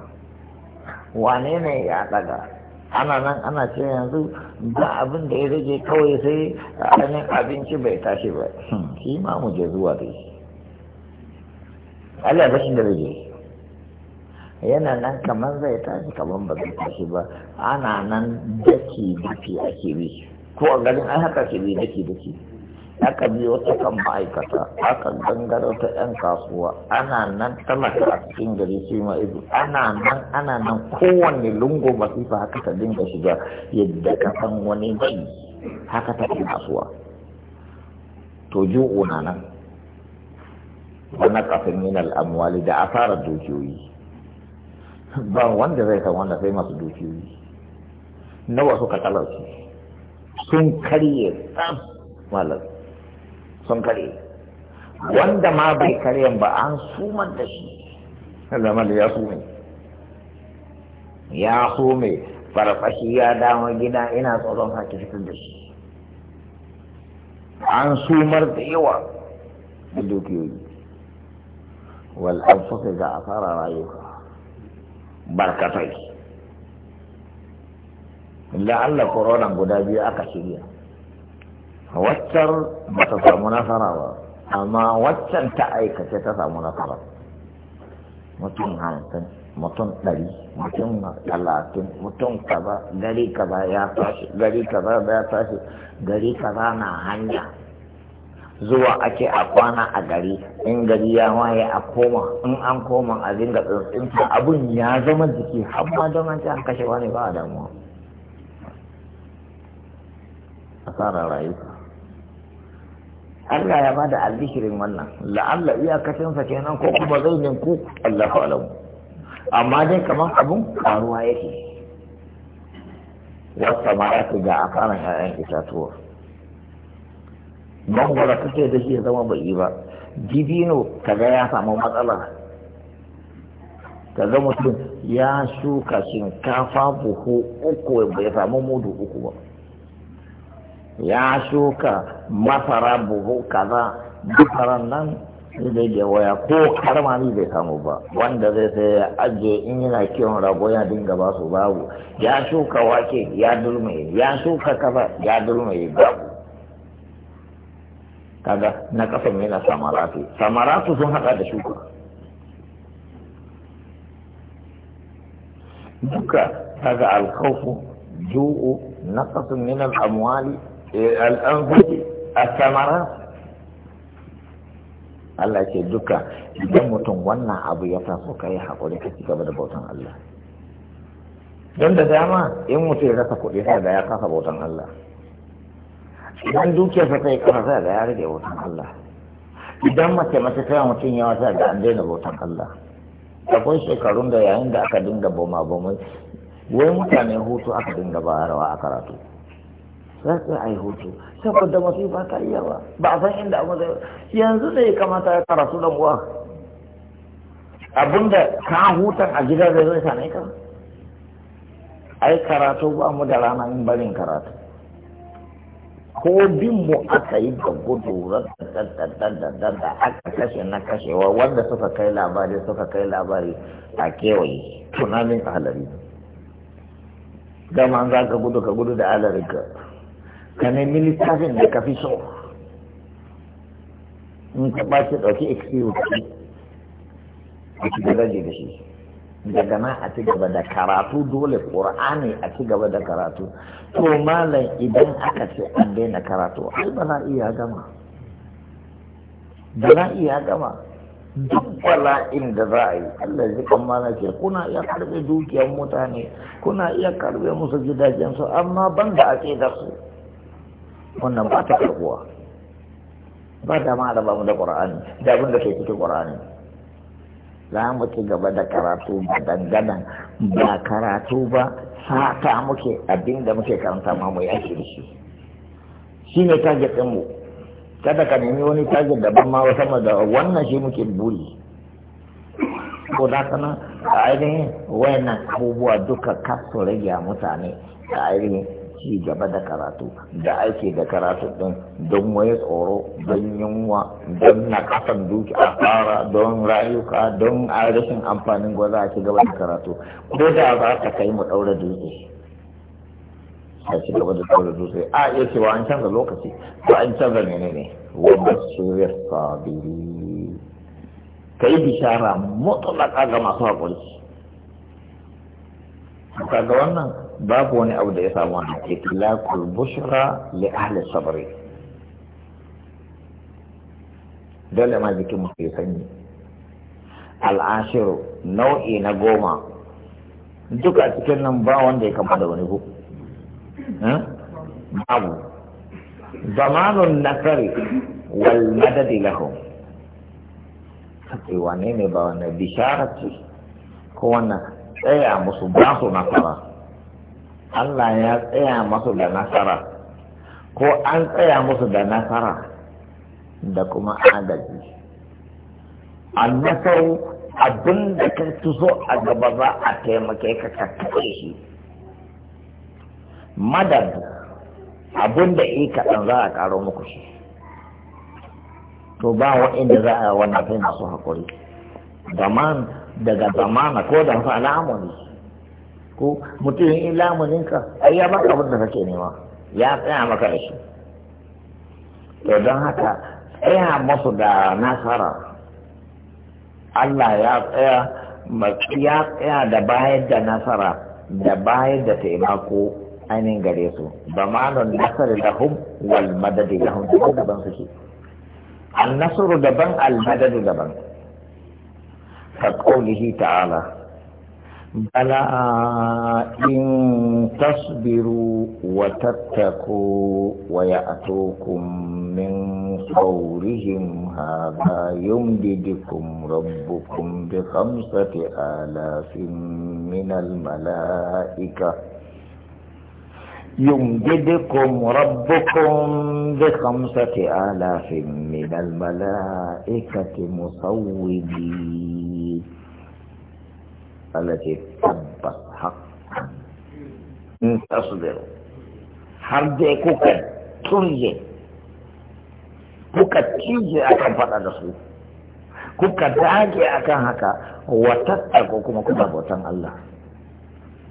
wane ne ya ɗaga ana nan ana ce yanzu ba abin da ya rage kawai sai ainihin abinci bai tashi ba hmm, shi ma mu je zuwa dai Allah ba da rage yana nan kamar zai tashi kamar ba zai tashi ba ana nan daki daki ake bi ko a garin an haka ke bi daki daki aka biyo ta kan ma'aikata aka gangaro ta 'yan kasuwa ana nan talaka a cikin gari shi ma ido ana nan ana nan kowanne lungo masifa haka ta dinga shiga yadda ka san wani mai haka ta ke kasuwa to ji na nan wani kafin yin al'amwali da asarar dukiyoyi ba wanda zai san wanda sai masu dukiyoyi nawa suka talarci sun karye tsam malam sun kare wanda ma bai karyan ba an suman da shi da ya sume ya sume farfashi ya dama gida ina tsoron sake fitar da shi an sumar da yawa da dukiyoyi wal anfusa ga asara rayuka barkatai la'alla korona guda biyu aka shirya waccar ba ta samu nasara ba amma waccan ta aikace ta samu nasara mutum hamsin mutum ɗari mutum talatin mutum kaza gari kaza ya tashi gari kaza ya tashi gari kaza na hanya zuwa ake a kwana a gari in gari ya waye a koma in an koma a dinga tsintsinta abun ya zama jiki har ma don an ce an kashe wani ba a damuwa tsara rayuka Allah ya bada albishirin wannan la'alla sa kenan ko kuma zai ninku Allah alam amma dai kamar abun karuwa yake wata mara ta ga asaran 'ya'yan itatuwa mangwara take da shi ya zama bai yi ba dibino kaga ya samu matsala kaga mutum ya shuka shinkafa buhu uku bai samu mudu uku ba ya shuka masara buhu kaza masaran nan sai da waya ko karma ni zai samu ba wanda zai sai ya ajiye in yana kiwon rago ya dinga ba su babu ya shuka wake ya durmaye ya shuka kaza ya durmaye babu kaga na kasan yana samaratu samaratu sun hada da shuka duka kaga alkaufu ju'u naqasun min al samuwali Eh, al'anfuki a samara Allah ce duka idan mutum wannan abu ya taso ka yi haƙuri ka ci gaba da bautan Allah don da dama in mutum ya rasa kuɗi sai da ya kasa bautan Allah idan dukiyarsa ta yi kasa sai da ya rage bautan Allah idan mace mace ta mutum yawa sai da an daina bautan Allah akwai shekarun da yayin da aka dinga boma bomai wai mutane hutu aka dinga ba rawa a karatu za su a yi hutu saboda masifa ta iya ba ba a san inda abu zai yanzu ne kamata ya rasu da uwa abinda ka huta a gida da zai sanai ka ai karatu ba mu da rana in barin karatu ko bin mu aka yi da gudu da aka kashe na kashewa wanda suka kai labari suka kai labari a kewaye tunanin alari dama za ka gudu ka gudu da ka ka nemi da ka fi so in ka ba shi ɗauki experience a ci gaba da shi daga nan a ci gaba da karatu dole ƙur'ani a ci gaba da karatu to malam idan aka ce an daina karatu ai ba za iya gama ba za iya gama duk bala'in da za a yi Allah zai mana ce kuna iya karbe dukiyar mutane kuna iya karbe musu gidajensu amma ban da ake da su wannan ba ta karbuwa ba da ma raba da ƙur'ani da abin da ke fito ƙur'ani za mu ci gaba da karatu ba dangana ba karatu ba sata muke abin da muke karanta ma mu yaki da shi shi ne target ɗinmu kada ka nemi wani target daban ma sama da wannan shi muke buri ko da kana a ainihin wayannan abubuwa duka kasu rage mutane a ainihin ci gaba da karatu da aiki da karatu din don waye tsoro don yunwa don nakasan duki a fara don rayuka don rashin amfanin gwaza a ci gaba da karatu ko da za ka kai mu daura dutse a ci gaba da daura dutse a iya cewa an canza lokaci ko an canza menene wa bashiriyar sabiri kai bishara mutlaka ga masu haƙuri kaga wannan babu wani abu da ya samu wannan itlaqul bushra li ahli sabri dole ma jikin mu ya sanyi al'ashiru nau'i na goma duk a cikin nan ba wanda ya kama da wani ko hmm? babu zamanun nasari wal madadi lahum wane ne ba wannan bisharar ce ko wannan tsaya musu ba su nasara Allah ya tsaya musu da nasara ko an tsaya musu da nasara da kuma agaji annasaru abin da ka so a gaba za a taimake ka ka shi madad abin da yi kaɗan za a ƙaro muku shi to ba wa'inda za a wannan sai masu haƙuri da man daga zamana ko da fa lamuni ko mutum in lamunin ka ai ya baka abin da kake nema ya tsaya maka da shi to don haka tsaya masu da nasara Allah ya tsaya ya tsaya da bayar da nasara da bayar da taimako ainihin gare su ba malon nasar da hum wal madadi da hum daban suke an nasaru daban al daban كقوله تعالى بلى إن تصبروا وتتقوا ويأتوكم من فورهم هذا يمددكم ربكم بخمسة آلاف من الملائكة يمددكم ربكم بخمسة آلاف من الملائكة مصوبين Allah ce tabbas haƙƙan in tasbiru har dai kuka turje kuka cije akan faɗa da su kuka dage akan haka watattaku kuma kuna bautan Allah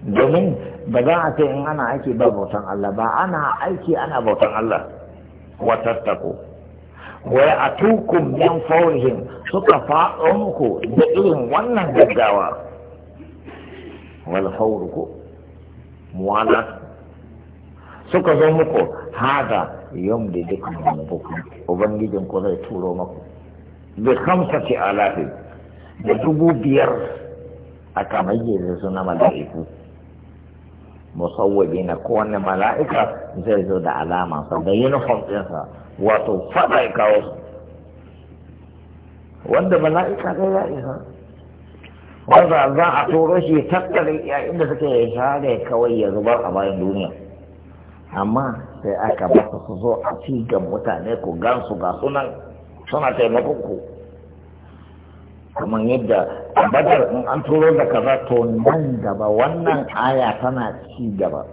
domin ba za a ce in ana aiki ba bautan Allah ba ana aiki ana bautan Allah watattaku wai a tukun yan faurihin suka faɗo muku da irin wannan gaggawa wal hauru ko muwala suka zo muku hada yom da duk zunubukum ubangijin ku zai turo maku bi khamsati alafi da dubu biyar a kamayye da suna mala'iku musawwabi na kowane mala'ika zai zo da alama sa da uniform ɗinsa wato faɗa ya kawo su wanda mala'ika zai ya isa wanda za a turo shi tattare yayin da suke share kawai ya zubar a bayan duniya amma sai aka ba su zo a cigan mutane ku gansu ga sunan suna taimakon ku kamar yadda badar in an turo da kaza to nan gaba wannan aya tana ci gaba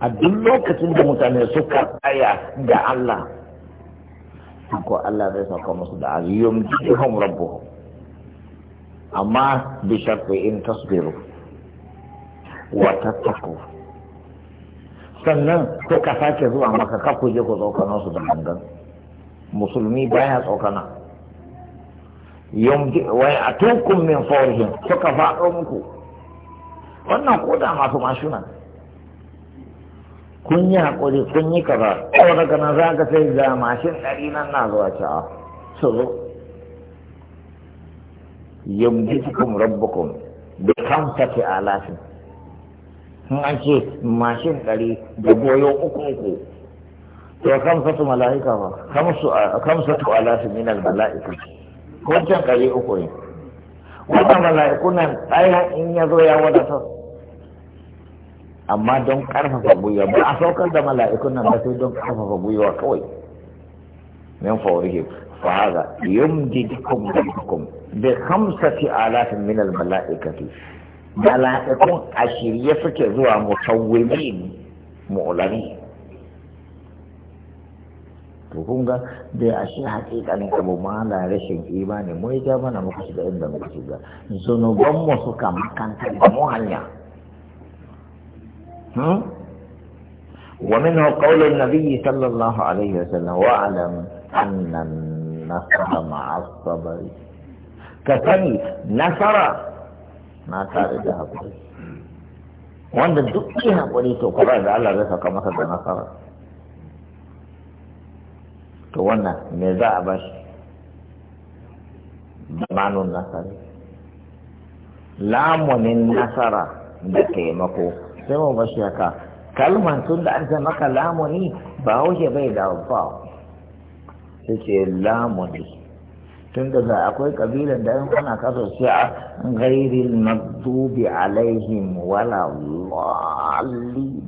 a duk lokacin da mutane suka tsaya da Allah ko Allah zai sauka musu da aziyum jihum rabbuhum amma bi sharfi in tasbiru wa tattaku sannan ko ka sake zuwa maka ka kuje je ku tsokano su da gangan musulmi baya tsokana yamdi wa atukum min fawrihim suka faɗo muku wannan ko da masu mashuna kun yi haƙuri kun yi kaza ko daga nan za ka sai da mashin ɗari nan na zuwa ca'a ah, su zo yamjidkum rabbukum bi khamsati alafin in an ce mashin ɗari da goyo uku uku to khamsatu mala'ika ba khamsu khamsatu alafin min al mala'ika ko can ɗari uku ne wannan mala'iku nan ɗaya in ya zo ya wadatar amma don ƙarfafa gwiwa ba a saukar da mala'ikun nan ba sai don ƙarfafa gwiwa kawai min faurihim هذا يمددكم منكم بخمسة آلاف من الملائكة ملائكة أشيرية فكذوا مصومين مؤلمين تكون ذا دي أشياء حقيقة أنك بما لا رشن إيماني مويجابا نمكسد إن لم يكسد مصوكا مكان تنموهنيا ومنه قول النبي صلى الله عليه وسلم واعلم أن nasara ma'asabari ka sani nasara na tare da haƙuri wanda duk yi haƙuri to kuma da Allah zai saka masa da nasara to wannan me za a bashi zamanun nasari lamunin nasara da taimako sai mu bashi haka kalman tun da an maka lamuni ba haushe bai da ba sai ce lamuni. ne za akwai kabilan da yan ana kaso sai a ghairil magdubi alaihim wala wali.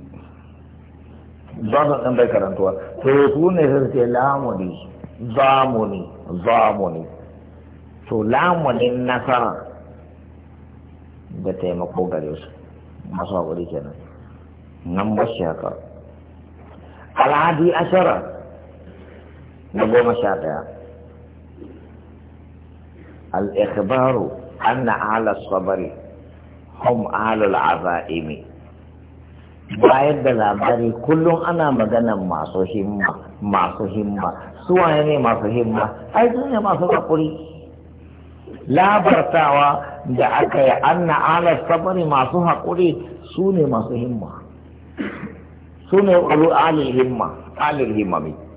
ba su ɗan bai karantuwa to su ne sai ce lamuni. Zamuni, zamuni. to lamunin nasara da taimako gare su masu haƙuri kenan nan ba shi haka alhadi ashara na goma sha ɗaya al-ikhbaru anna ala sabari hum ahlul azaimi Bayan da labari kullum ana maganan masu himma masu himma suwaye ne masu himma ai su ne masu hakuri labartawa da aka yi anna ala sabari masu hakuri su ne masu himma su ne alul himma alul mai.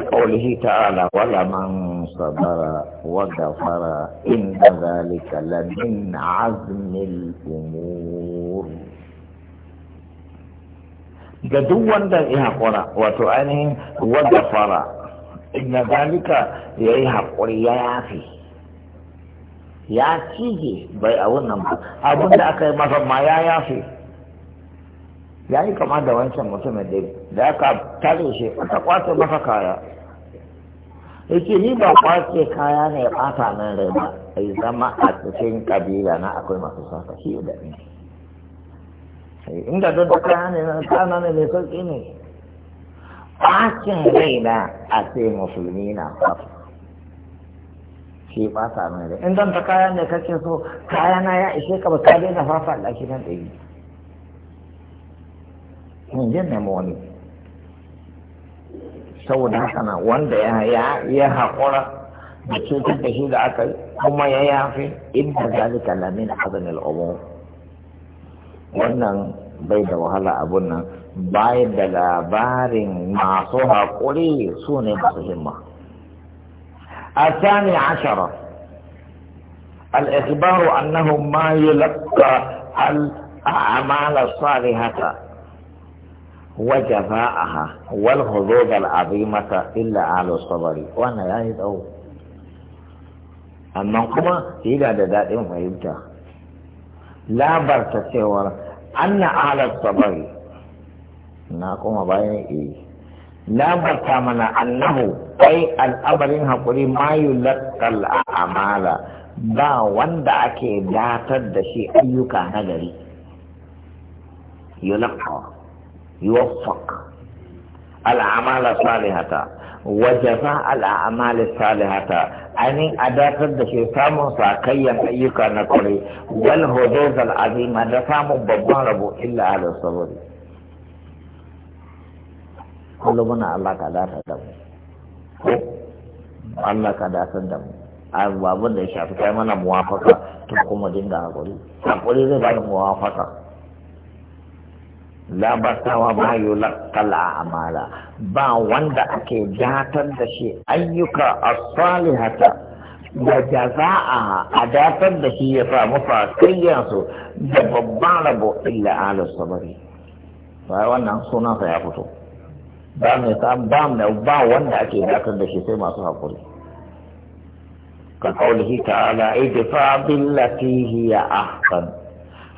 كقوله تعالى ولمن صبر وغفر إن ذلك لمن عزم الأمور جدوان دا إيهاقورا وتعانيه وغفر إن ذلك يهاقور يافي يا تيجي بي أولنا أبونا أكي مصر ما يافي ya yi kama da wancan mutumin da da aka tare shi aka kwace masa kaya yake ni ba kwace kaya ne ya bata nan rai ba yi zama a cikin kabila na akwai masu saka shi da ni inda don da kaya ne na kana ne mai sauki ne bacin rai na a ce musulmi na kwafa shi bata nan rai inda ta kaya ne kake so kaya na ya ishe ka ba ka daina fafa da shi nan ɗari cikin jin nemoni saboda haka na wanda ya haƙura da cutar da shi da aka yi kuma ya yafi inda zalika lamin azumin umur wannan bai da wahala abun nan bayan da labarin masu haƙuri su ne masu himma الثاني عشر الإخبار أنه ما يلقى الأعمال الصالحة وجزاءها والهضوب العظيمة illa آل الصبر وأنا لا يدعو amma kuma yana da daɗin fahimta labarta cewa anna alar sabari na kuma bayan e labarta mana annahu kai al'abarin hakuri mayu lakkal amala ba wanda ake datar da shi ayyuka nagari gari yulakawa يوفق الأعمال الصالحة وجزاء الأعمال الصالحة أني أداة الدشي سامو ساكيا أيوكا نقري والهدوز العظيم هذا سامو ببان ربو إلا على الصبر قلوبنا الله كداة دمو الله ka dasar da mu a babun da ya shafi kai mana muwafaka to kuma dinga hakuri hakuri zai bada muwafaka labartawa ba yi lakala amala ba wanda ake datar da shi ayyuka a salihata da jaza'a a datar da shi ya samu su da babban rabo illa alis sabari ba wannan sunansa ya fito ba mai ba wanda ake datar da shi sai masu haƙuri ka shi ta'ala billati hiya ahsan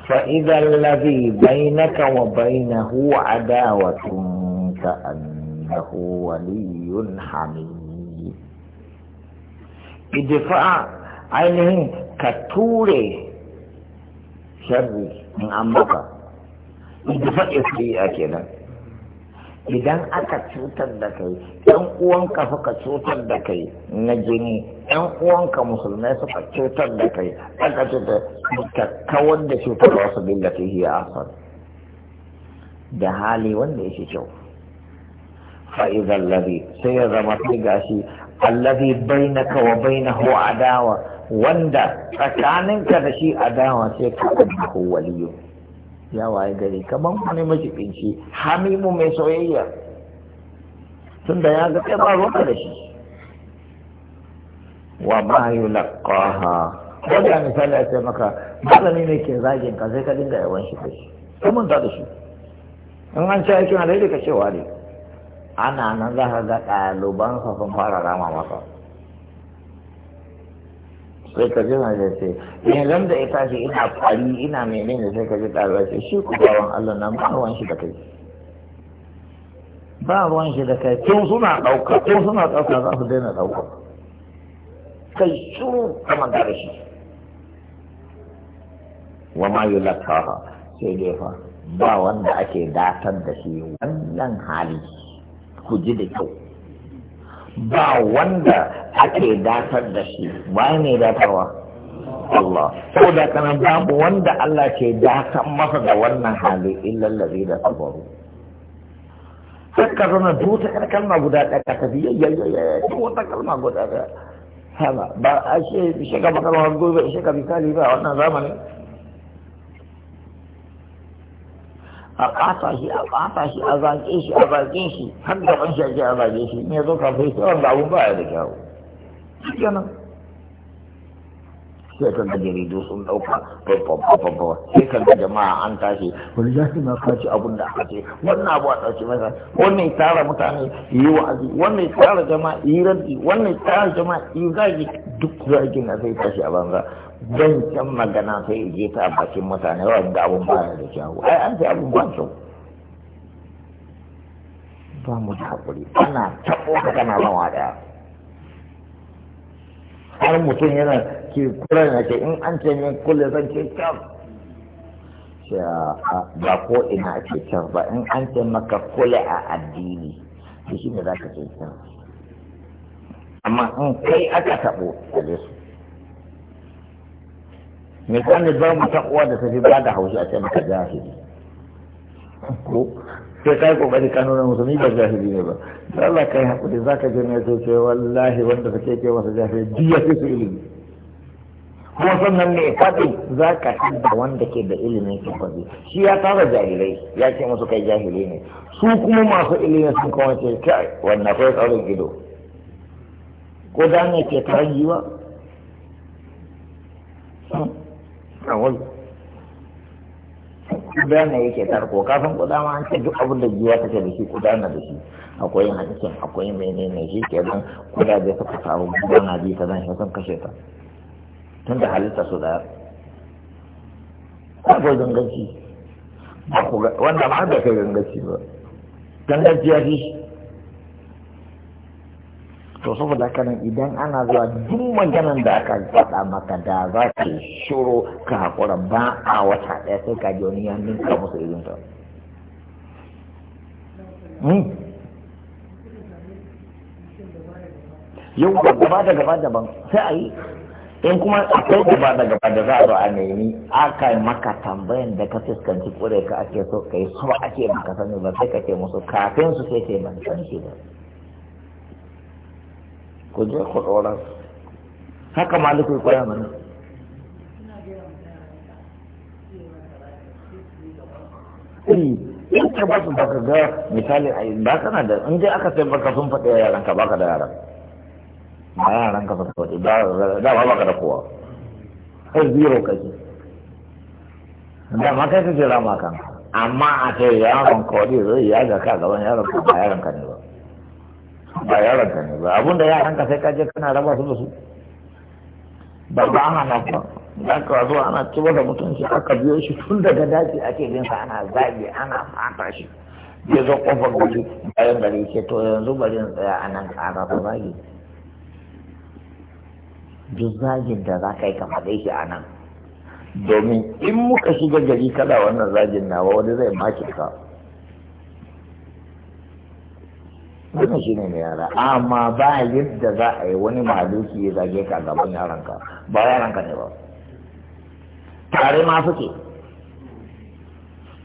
فإذا الذي بينك وبينه عداوة كأنه ولي حميد ادفع عينه كتوري شري من أمك ادفع سيئة كده idan aka cutar da kai yan uwanka suka cutar da kai na jini yan uwanka musulmai suka cutar da kai aka cutar da kawar da cutar wasu billa ta hiya asar da hali wanda ya kyau fa'izar lari sai ya zama fi gashi allazi baina ka wa baina ho adawa wanda tsakaninka da shi adawa sai ka ɗauki waliyu. waliyo ya waye gari kamar wani majibinci hamimu mai soyayya tunda ya ga kai ba ruwa da shi wa ma yulqaha wanda misali a ce maka malami ne ke zagin ka sai ka dinga yawan shi kai sai mun da shi in an ci aikin alheri ka cewa ne ana nan za ka ga ɗaliban sun fara rama maka. sai ka ji na Sai ne zan eh, da ita shi ina kwari ina ne sai ka ji ɗaruwa ce shi ku ba Allah na ba ruwan shi da kai ba ruwan shi da kai tun suna ɗauka tun suna ɗauka za su daina ɗauka kai shuru kamar da shi wa ma lakawa sai dai fa ba wanda ake datar da shi wannan hali ku ji da kyau ba wanda ake datar da shi ba ne datarwa Allah saboda kana babu wanda Allah ke datar masa da wannan hali illallazi da sabaru sakka zana duta kan kalma guda ɗaya ka tafi yayya yayya ta wata kalma guda ɗaya ba a shi shi ka bakar wani gobe shi ka misali ba wannan zamanin a ƙasa shi a ƙasa shi a zaƙe shi a zaƙe shi har da a shaƙe a zaƙe shi ne ya zo kafin shi wanda ba ya da kyawu kenan sai ka da jaridu sun ɗauka fafafafafa sai ka ga jama'a an tashi wani za su na kaci abun da aka ce wannan abu a ɗauki masa wannan tara mutane yi wa'azi wannan tara jama'a yi raddi wannan tara jama'a yi zagi duk zagin na sai tashi a banza zan can magana sai je ta a bakin mutane da abun ba da kyawu ai an sai abun ba kyau ba mu da hakuri ana tabo ka kana rawa da har mutum yana ke kura na ce in an ce min kulle zan ce can ba ko ina ce can ba in an ce maka kulle a addini shi ne za ka ce can amma in kai aka tabo a lesu mai kwanne ba mu takwa da fi ba da haushi a cikin maka jahili ko sai kai kokari ka nuna musulmi ba jahili ne ba da Allah kai hakuri zaka je ne sai ce wallahi wanda kake ke masa jahili diya fi su ilimi kuma sannan ne fadi za ka da wanda ke da ilimin ke fadi shi ya tara jahilai ya ce musu kai jahili ne su kuma masu ilimin sun kawance kai wannan akwai tsarin ido ko da ne ke tarayi ba tsawai kuda ne yake tarko kafin kuda ma an ce duk abin da giwa take da shi kuda na da shi akwai hadisin akwai menene shi ke don kuda da suka samu kuda na bi ta zan sun kashe ta tun da halitta su da akwai gangaci wanda ma da kai gangaci ba gangaci ya shi. to saboda haka nan idan ana zuwa duk maganan da aka faɗa maka da za ka shiro ka haƙura ba a wata ɗaya sai ka ji wani yanin ka musu irin ta yau ba gaba da gaba da ban sai a yi in kuma akwai gaba da gaba da za a zo a nemi aka yi maka tambayan da ka fuskanci kure ka ake so ka yi so ake maka sani ba sai ka ce musu kafin su sai ce ban san shi ba ku je ku ɗora haka maliku koya mana eh, in ka ba baka ga misali a ba kana da in dai aka sai baka sun faɗi yaran ka baka da yaran ba yaran ka sun faɗi ba da ba baka da kowa kai zero kake da ma kai kake rama kan amma a ce yaron ka wani zai ya ga ka gaban yaron ka ba yaron ka ne ba ba yaron ka ne ba abun da yaran ka sai ka je kana raba su da su ba ba ana na ba za ka zuwa ana cibar da shi aka biyo shi tun daga daji ake bin sa ana zagi ana fata shi ya zo kofar gari bayan gari ke to yanzu bari tsaya a nan ƙara ba zagi duk zagin da za ka yi kamar dai shi a domin in muka shiga gari kada wannan zagin nawa wani zai maki ka wannan shi ne na yara amma ba yadda za a yi wani maluki ya zage ka gaban yaranka ba yaranka ne ba tare ma suke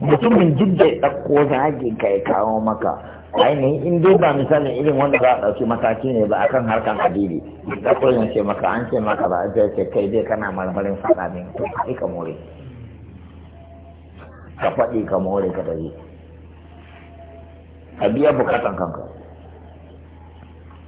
mutumin duk da ya ɗauko zage ka ya kawo maka ainihin in dai ba misalin irin wanda za a ɗauki mataki ne ba akan harkan adili da kullum ce maka an ce maka ba zai ce kai dai kana marmarin faɗa min to faɗi ka more ka faɗi ka more ka tafi ka biya bukatan kanka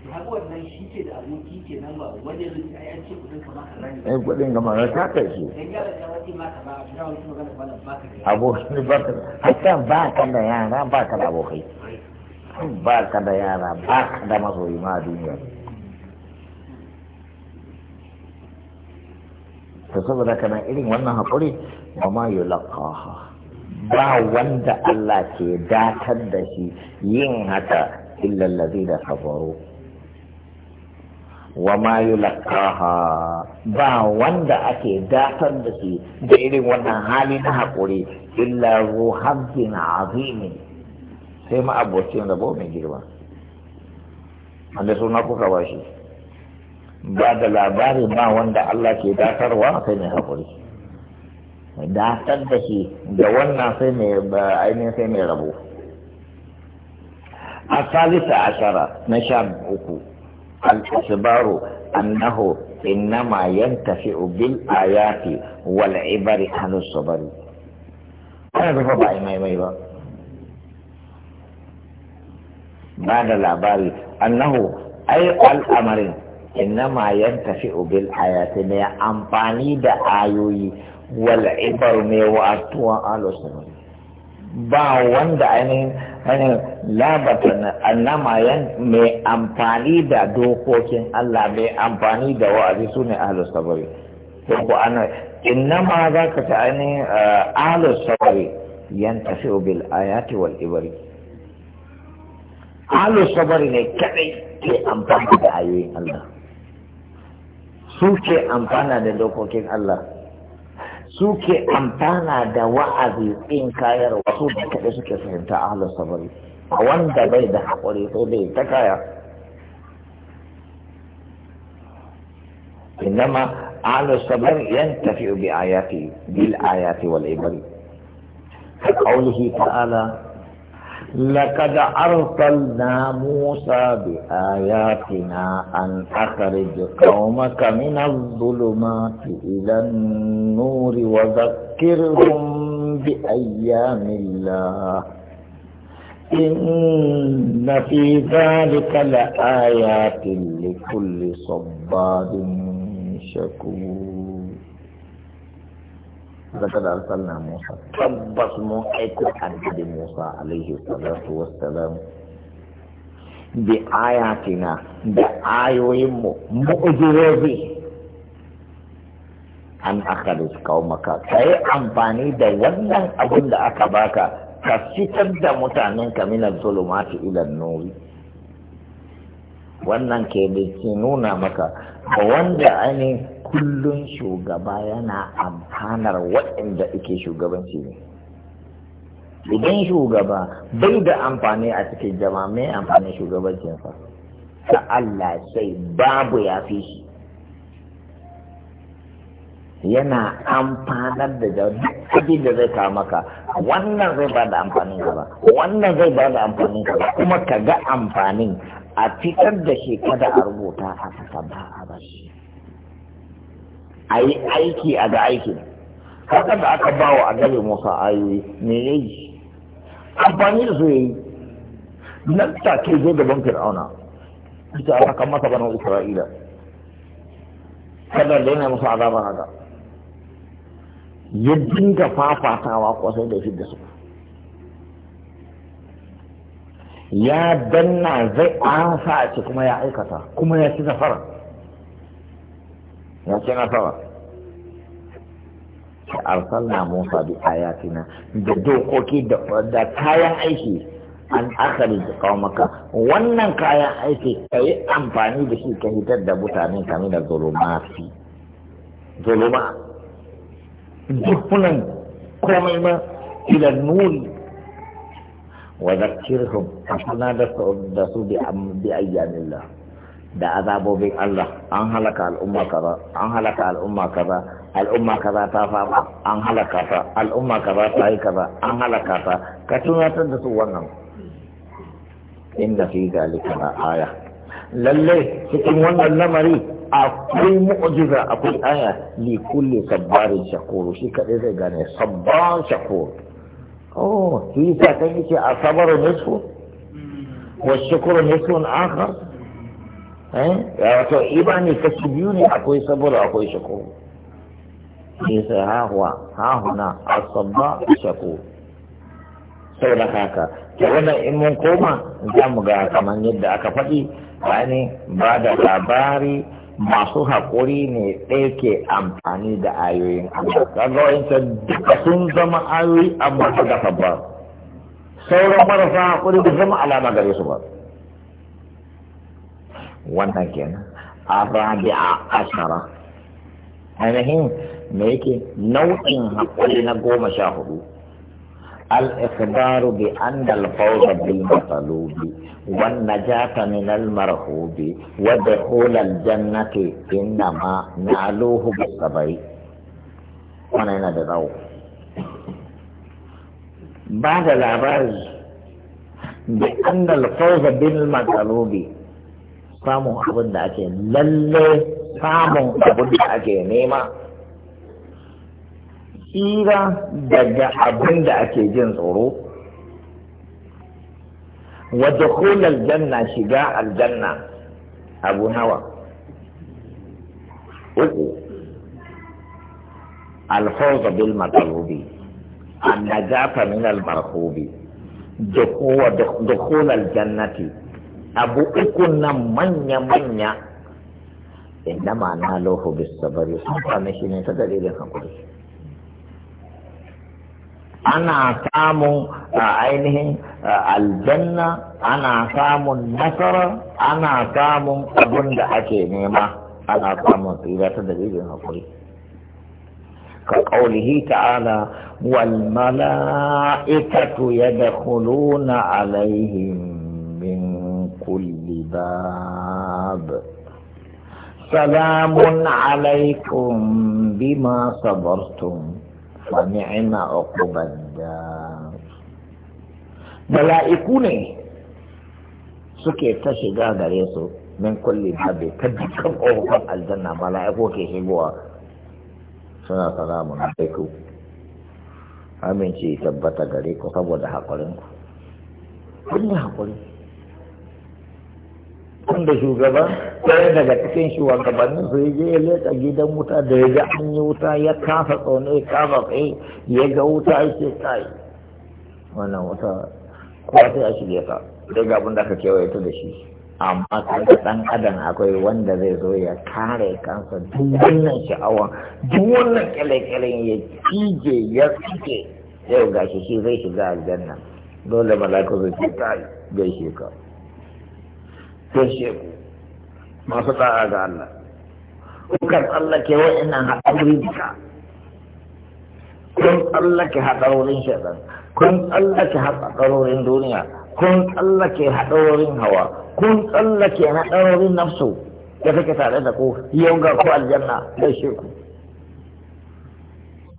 kaga wannan shi ke da aboki ke nan ba wanda ya zuci ai ce kudin kamar harami ai kudin kamar harami ta kai shi dan yara da wani ba ka ba da wani magana ba ba ka aboki ba ka hatta ba ka da yara ba ka da abokai ba ka da yara ba ka da masoyi ma a duniya to saboda kana irin wannan haƙuri wa ma yulaqaha ba wanda Allah ke datar da shi yin haka illa allazina kafaru wa ma yulqaha ba wanda ake datar da shi da irin wannan hali na haƙuri illa ruhabbin azimi sai ma abocin rabo mai girma wanda suna kuka ba shi ba da labari ba wanda Allah ke datarwa sai mai haƙuri datar da shi da wannan sai mai ainihin sai mai rabo a salisa ashara na sha uku الإخبار انه انما ينتفع بالايات والعبر عن الصبر أنا بفضع ما يميبا بعد العبار أنه أي الأمر انما ينتفع بالايات ما أمباني دا آيوي والعبر ما وأتوى على الصبر ba wanda ainihin labata annama mai amfani da dokokin Allah mai amfani da wa'azi su ne ahalus sabari ko ana innama za ka ta ainihin eh, ahalus sabari yan tafi bil ayati wal ibari ahalus sabari ne kadai ke amfani da ayoyin Allah su ke amfana da dokokin Allah suke amfana da wa'azi in kayar wasu da kaɗai suke fahimta a halar sabari a wanda bai da haƙuri ko bai ta kaya إنما أهل الصبر ينتفع بآياته بالآيات والعبر كقوله تعالى لقد أرسلنا موسى بآياتنا أن أخرج قومك من الظلمات إلى النور وذكرهم بأيام الله إن في ذلك لآيات لكل صبار شكور saka da an na Musa, tabbas mun aiki a ɗan ɗanin Musa Alayhi Salaatu Wasalaam, bi'a ya tuna, bi'a yin mu'ujirir. An akari kau maka. Ka yi amfani da wannan abin da aka baka, ka fitar da mutanen kamin na tsawo, matu Wannan ke bi sun nuna maka a wanda anin. kullum shugaba yana amfanar waɗanda ake shugabanci ne idan shugaba bai da amfani a cikin jama'a mai amfanin shugabancinsa ta Allah sai babu ya fi shi yana amfanar da duk abin da zai kawo maka wannan zai ba da amfanin ka ba wannan zai ba da amfanin ka ba kuma ka ga amfanin a fitar da shekada a rubuta a kasa ba a bashi a yi aiki a ga aikin haka da aka ba wa annabi musa ayoyi me ya yi amfani da su ya yi nan ke zo gaban fir'auna ita a kan masa banu isra'ila kada da yana musu azaba haka ya dinga fafatawa kwasai da shi da su ya danna zai an sa ce kuma ya aikata kuma ya ci zafara ya na sawa, ta arsalna musa bi ayatina da dokoki da kayan aiki an asali da kawamaka wannan kayan aiki ka yi amfani da shi ka hitar da mutane kami da zulumati zuluma dukkanin komai ma ilan nuri wa zakirhum a da su bi ayyamin Allah da azabobin Allah an halaka al'umma kaza an halaka al'umma kaza al'umma kaza ta fama an halaka ta al'umma kaza ta yi kaza an halaka ta ka tunatar da su wannan inda fi zalika na aya lalle cikin wannan lamari akwai mu'jiza akwai aya li kulli sabbarin shakur shi kadai zai gane sabbar shakur oh shi ta kan yake asabaru nisfu wa shukuru nisfun akhar Eh? wato imani kashi biyu ne akwai saboda akwai shako isa hahuwa hahuna asabba shako sau da haka ta wannan in mun koma za mu ga kamar yadda aka faɗi ne ba da labari masu haƙuri ne ɗaya ke amfani da ayoyin amma kaga wayanta duka sun zama ayoyi amma su da ba sauran marasa haƙuri da zama alama gare su ba ونجن الرابعة عشرة أنا هين ميكي نوتين هقول نقو مشاهد الإخبار بأن الفوز بالمطلوب والنجاة من المرهوب ودخول الجنة إنما نالوه بالصبي بعد العبارة بأن الفوز بالمطلوب samun abin da ake lalle samun abin da ake nema tsira daga abin da ake jin tsoro wadda kulal janna shiga aljanna abu nawa uku alfawza bil matalubi an najafa min al marhubi دخول الجنة abu uku nan manya-manya inda ma na lohu bis sabari sun same shi ne ta dalilin hakuri ana samun ainihin aljanna ana samun nasara ana samun abin da ake nema ana samun tsira ta dalilin hakuri كقوله تعالى والملائكة يدخلون عليهم من كل باب سلام عليكم بما صبرتم فنعم عقب الدار ملائكوني سكي تشجع غريسو من كل باب تدكم اوقات الجنة ملائكو كي هبوا سلام عليكم أمين شيء تبتغى غريكو صبر ده حقولنكو كل حقولنكو wanda shugaban ɗaya daga cikin shugabannin su je ya leta gidan wuta da ya ga an yi wuta ya kafa tsaune ya kafa tsaye ya ga wuta ya ce kai wannan wuta kowa sai a shige ka sai ga abin da aka kewaye ta da shi amma kan dan adam akwai wanda zai zo ya kare kansa duk wannan sha'awan duk wannan kyale ya cije ya tsike yau gashi shi zai shiga aljanna dole malaka zai ce kai gaishe ka feshe masu tsara ga Allah kukan tsallake duka kun tsallake haɗarorin shaɗan kun tsallake haɗarorin duniya kun tsallake haɗarorin hawa kun tsallake haɗarorin nafsu da take tare da ku yau ga ku aljanna feshe ku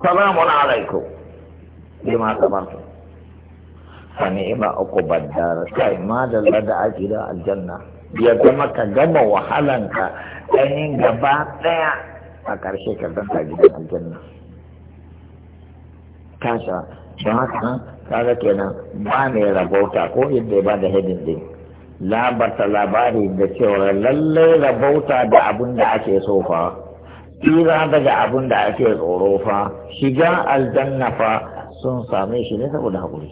salamun alaikum bima sabartum fa ni'ma uqubad dar kai ma da lada ajira aljanna ya zama ka gama wahalanka ɗanyin gaba ɗaya a ƙarshe ka zanta gidan aljanna tasha don haka kaga kenan ba ne rabauta ko inda ya ba da hedin din labarta labari da cewa lallai rabauta da abun da ake so fa tsira daga abun da ake tsoro fa shiga aljanna fa sun same shi ne saboda haƙuri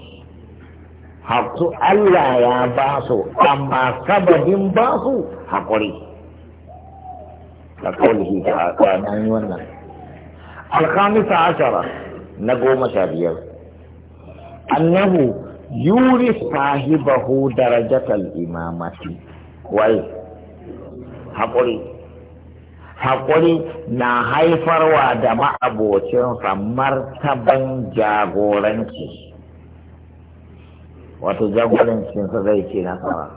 haku Allah ya ba su amma sababin ba su haƙuri da kawai ta kwanan wannan alhamisa ashara na goma sha biyar annahu yuri sahibahu darajatal imamati wai haƙuri haƙuri na haifarwa da ma'abocinsa martaban jagoranci wato jagorancin sa zai ce na sama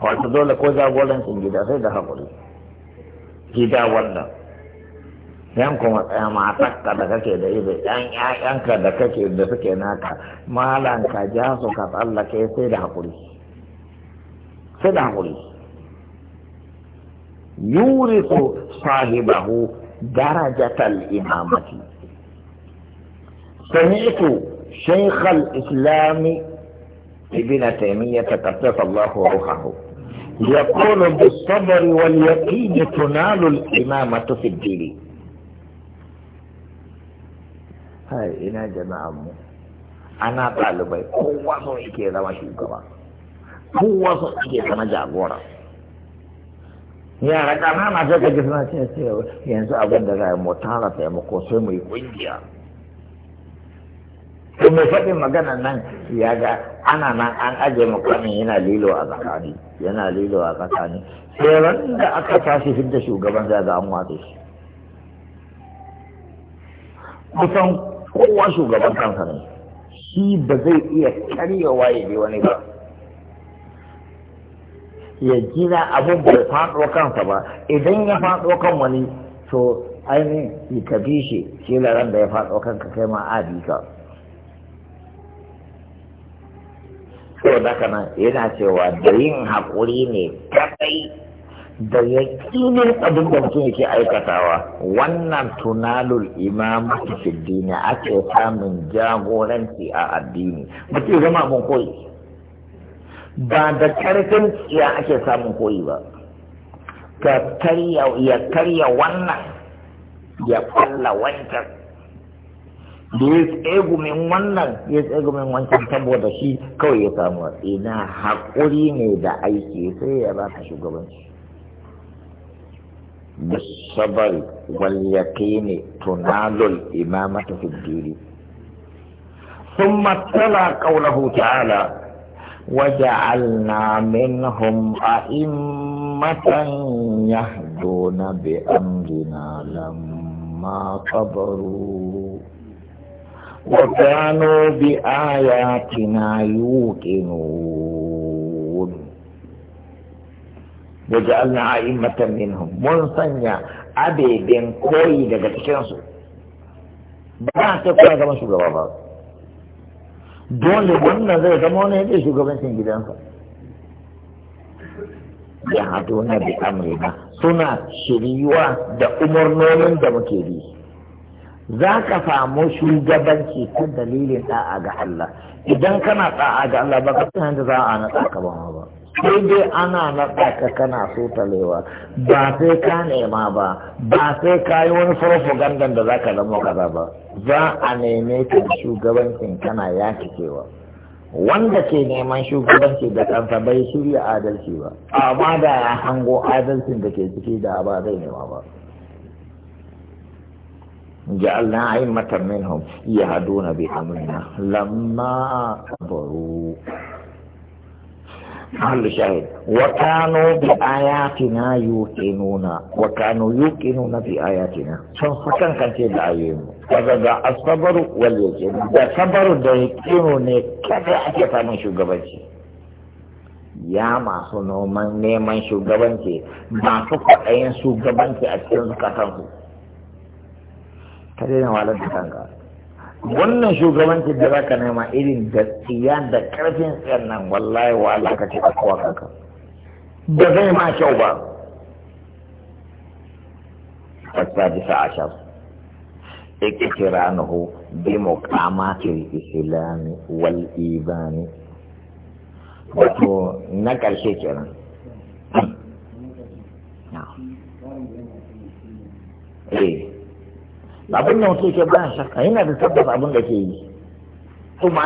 wato dole ko jagorancin gida sai da haƙuri gida wannan yan kuma tsaya matakka da kake da ido yan ƴaƴanka da kake da suke naka malan ka ja su ka tsallake sai da haƙuri sai da haƙuri yurisu sahibahu darajatal imamati sami'tu shaykh al-islami ابن تيمية قدس الله روحه يقول بالصبر واليقين تنال الإمامة في الدين هاي إنا جماعة أنا طالبي قوة صحيحة لما شكرا قوة صحيحة لما جاغورا yara ƙanana sai ka ji suna ce yanzu abin da za a yi mu tara taimako sai mu yi ƙungiya to mai faɗin magana nan ya ga ana nan an aje mukamin yana lilo a tsakani yana lilo a tsakani sai ran da aka tashi fidda shugaban za ga an watsa shi kusan kowa shugaban kansa ne shi ba zai iya karyawa ya je wani ba ya gina abin bai faɗo kansa ba idan ya faɗo kan wani to ainihin ka bi shi shi da ya faɗo kanka kai ma a bi ka sau da kana yana cewa da yin haƙuri ne kadai da yaƙinin abin da mutum yake aikatawa wannan tunalul imamatu fi ake samun jagoranci a addini mutum zama abin koyi ba da ƙarfin tsiya ake samun koyi ba ka karya ya karya wannan ya kwalla wancan da ya tsegumin wannan ya tsegumin wancan saboda shi kawai ya samu ina haƙuri ne da aiki sai ya ba ka shugabanci bisabar walyaqini tunalul imamata fi diri thumma tala qawluhu ta'ala وجعلنا منهم أئمة يهدون بأمرنا لما صبروا وكانوا بآياتنا يوقنون وجعلنا أئمة منهم منصنع أبي بن كوي لكتشنسو ba ta kuma zama shugaba ba dole wannan zai zama wani yadda shugabancin gidansa ya hado na suna shiriwa da umarnonin da muke bi za ka samu shugabanci ta dalilin da'a ga Allah idan kana da'a ga Allah ba ka san yadda za a naɗa ka ba ba sai dai ana naɗa ka kana so talewa ba sai ka nema ba ba sai ka yi wani propaganda da za ka zama kaza ba za a neme ka shugabancin kana ya cewa wanda ke neman shugabanci da kansa bai shirya adalci ba amma da ya hango adalcin da ke ciki da ba zai nema ba جعلنا أئمة منهم يهدون بأمرنا لما كبروا محل شاهد وكانوا بآياتنا يوقنون وكانوا يوقنون بآياتنا فكان كانت كده عيهم كذا الصبر واليقين ده صبر كذا ده يقين ne kada ake samun shugabanci ya masu noman neman shugabanci شو kwaɗayin shugabanci من شو zukatansu ka daina walar da kanka wannan shugabancin da zaka nema irin da tsiya da karfin tsayan nan wallahi wa Allah ka ce ka kowa kanka ba zai ma kyau ba السادسة عشر اقترانه بمقامات wal والإيمان wato na ƙarshe kenan hmm. eh abin da mutum ke bayan shakka yana da tabbas abin da ke yi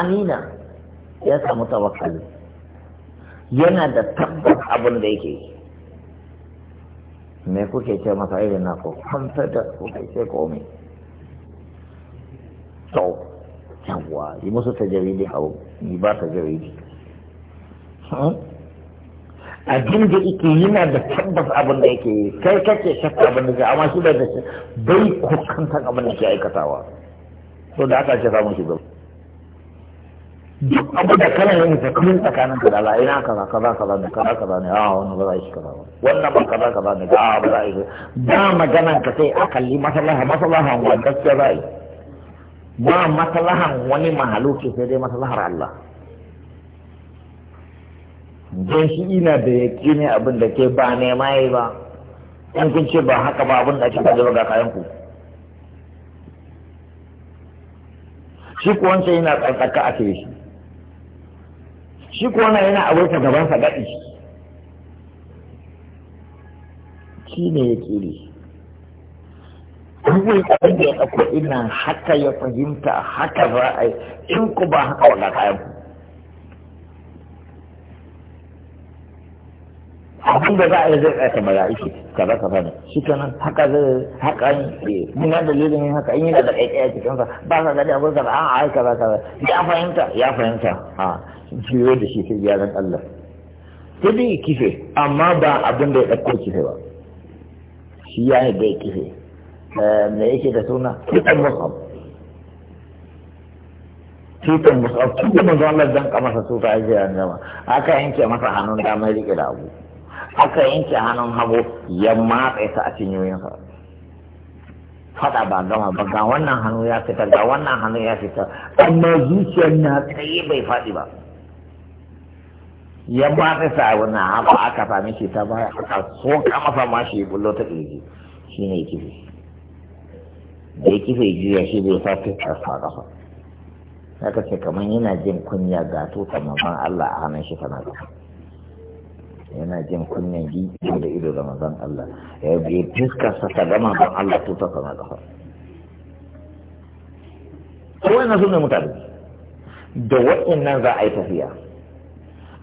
nina ya samu tawakkali yana da tabbas abin da yake yi me kuke ce masa irin na ko kwanta da kuke ce komai to yawwa yi musu ta jaridi hau yi ba ta jaridi hmm? abin da yake yana da tabbas abin da yake yi kai kake shakka abin da ke amma shi bai da shi bai kokantar abin da ke aikatawa so da aka ce samun shi shugaba duk abu da kana yin sa tsakanin ka da Allah ina kaza kaza kaza da kaza kaza ne a ah, wannan ba za a yi kaza wannan ba kaza kaza ne a ah, ba za a yi ba maganan ka sai akalli kalli masalaha. wa gaskiya za a yi ba maslahan wani mahaluki sai dai masalahar Allah don shi ina da ya ne abin da ke ba nema yi ba in kun ce ba haka ba abin da ake kaji ga kayan ku shi ko wancan yana tsarkaka a ke shi shi ko wannan yana abokan gaban sa gaɗi shi ne ya kiri kawai abin da ya ɗauko ina haka ya fahimta haka za a yi in ku ba haka wanda kayan ku abin da za a yi zai tsaya kamar ya ka kaza kaza ne shi kenan haka zai haka yi eh, muna dalilin yin haka in yana da kaikaya cikin sa ba sa zaɗi abin kaza an ai kaza kaza ya fahimta ya fahimta a jiyo da shi sai gyaran Allah sai yi kife amma ba abin da ya ɗauko kife ba shi ya yi da kife eh, me yake da suna kitan musab kitan musab kitan manzo Allah dan kamar sa su ta ajiya nan aka yanke masa hannun damar rike da abu aka yanke hannun hagu ya matsa ta a sa fada ba gama ba ga wannan hannu ya fita ga wannan hannu ya fita amma zuciyar na tsaye bai faɗi ba ya matsa ta a wannan hagu aka sami shi ta baya aka so masa ma shi bullo ta ƙirji shi ne kife da ya kife juya shi bai sa ta sa ƙasa haka ce kamar yana jin kunya ga tutar mamman Allah a hannun shi kana ƙasa yana jin kunyan gido da ido da manzon Allah ya bi fiskarsa ta ga manzon Allah to ta sama kafa na sunan mutane da wa'annan za a yi tafiya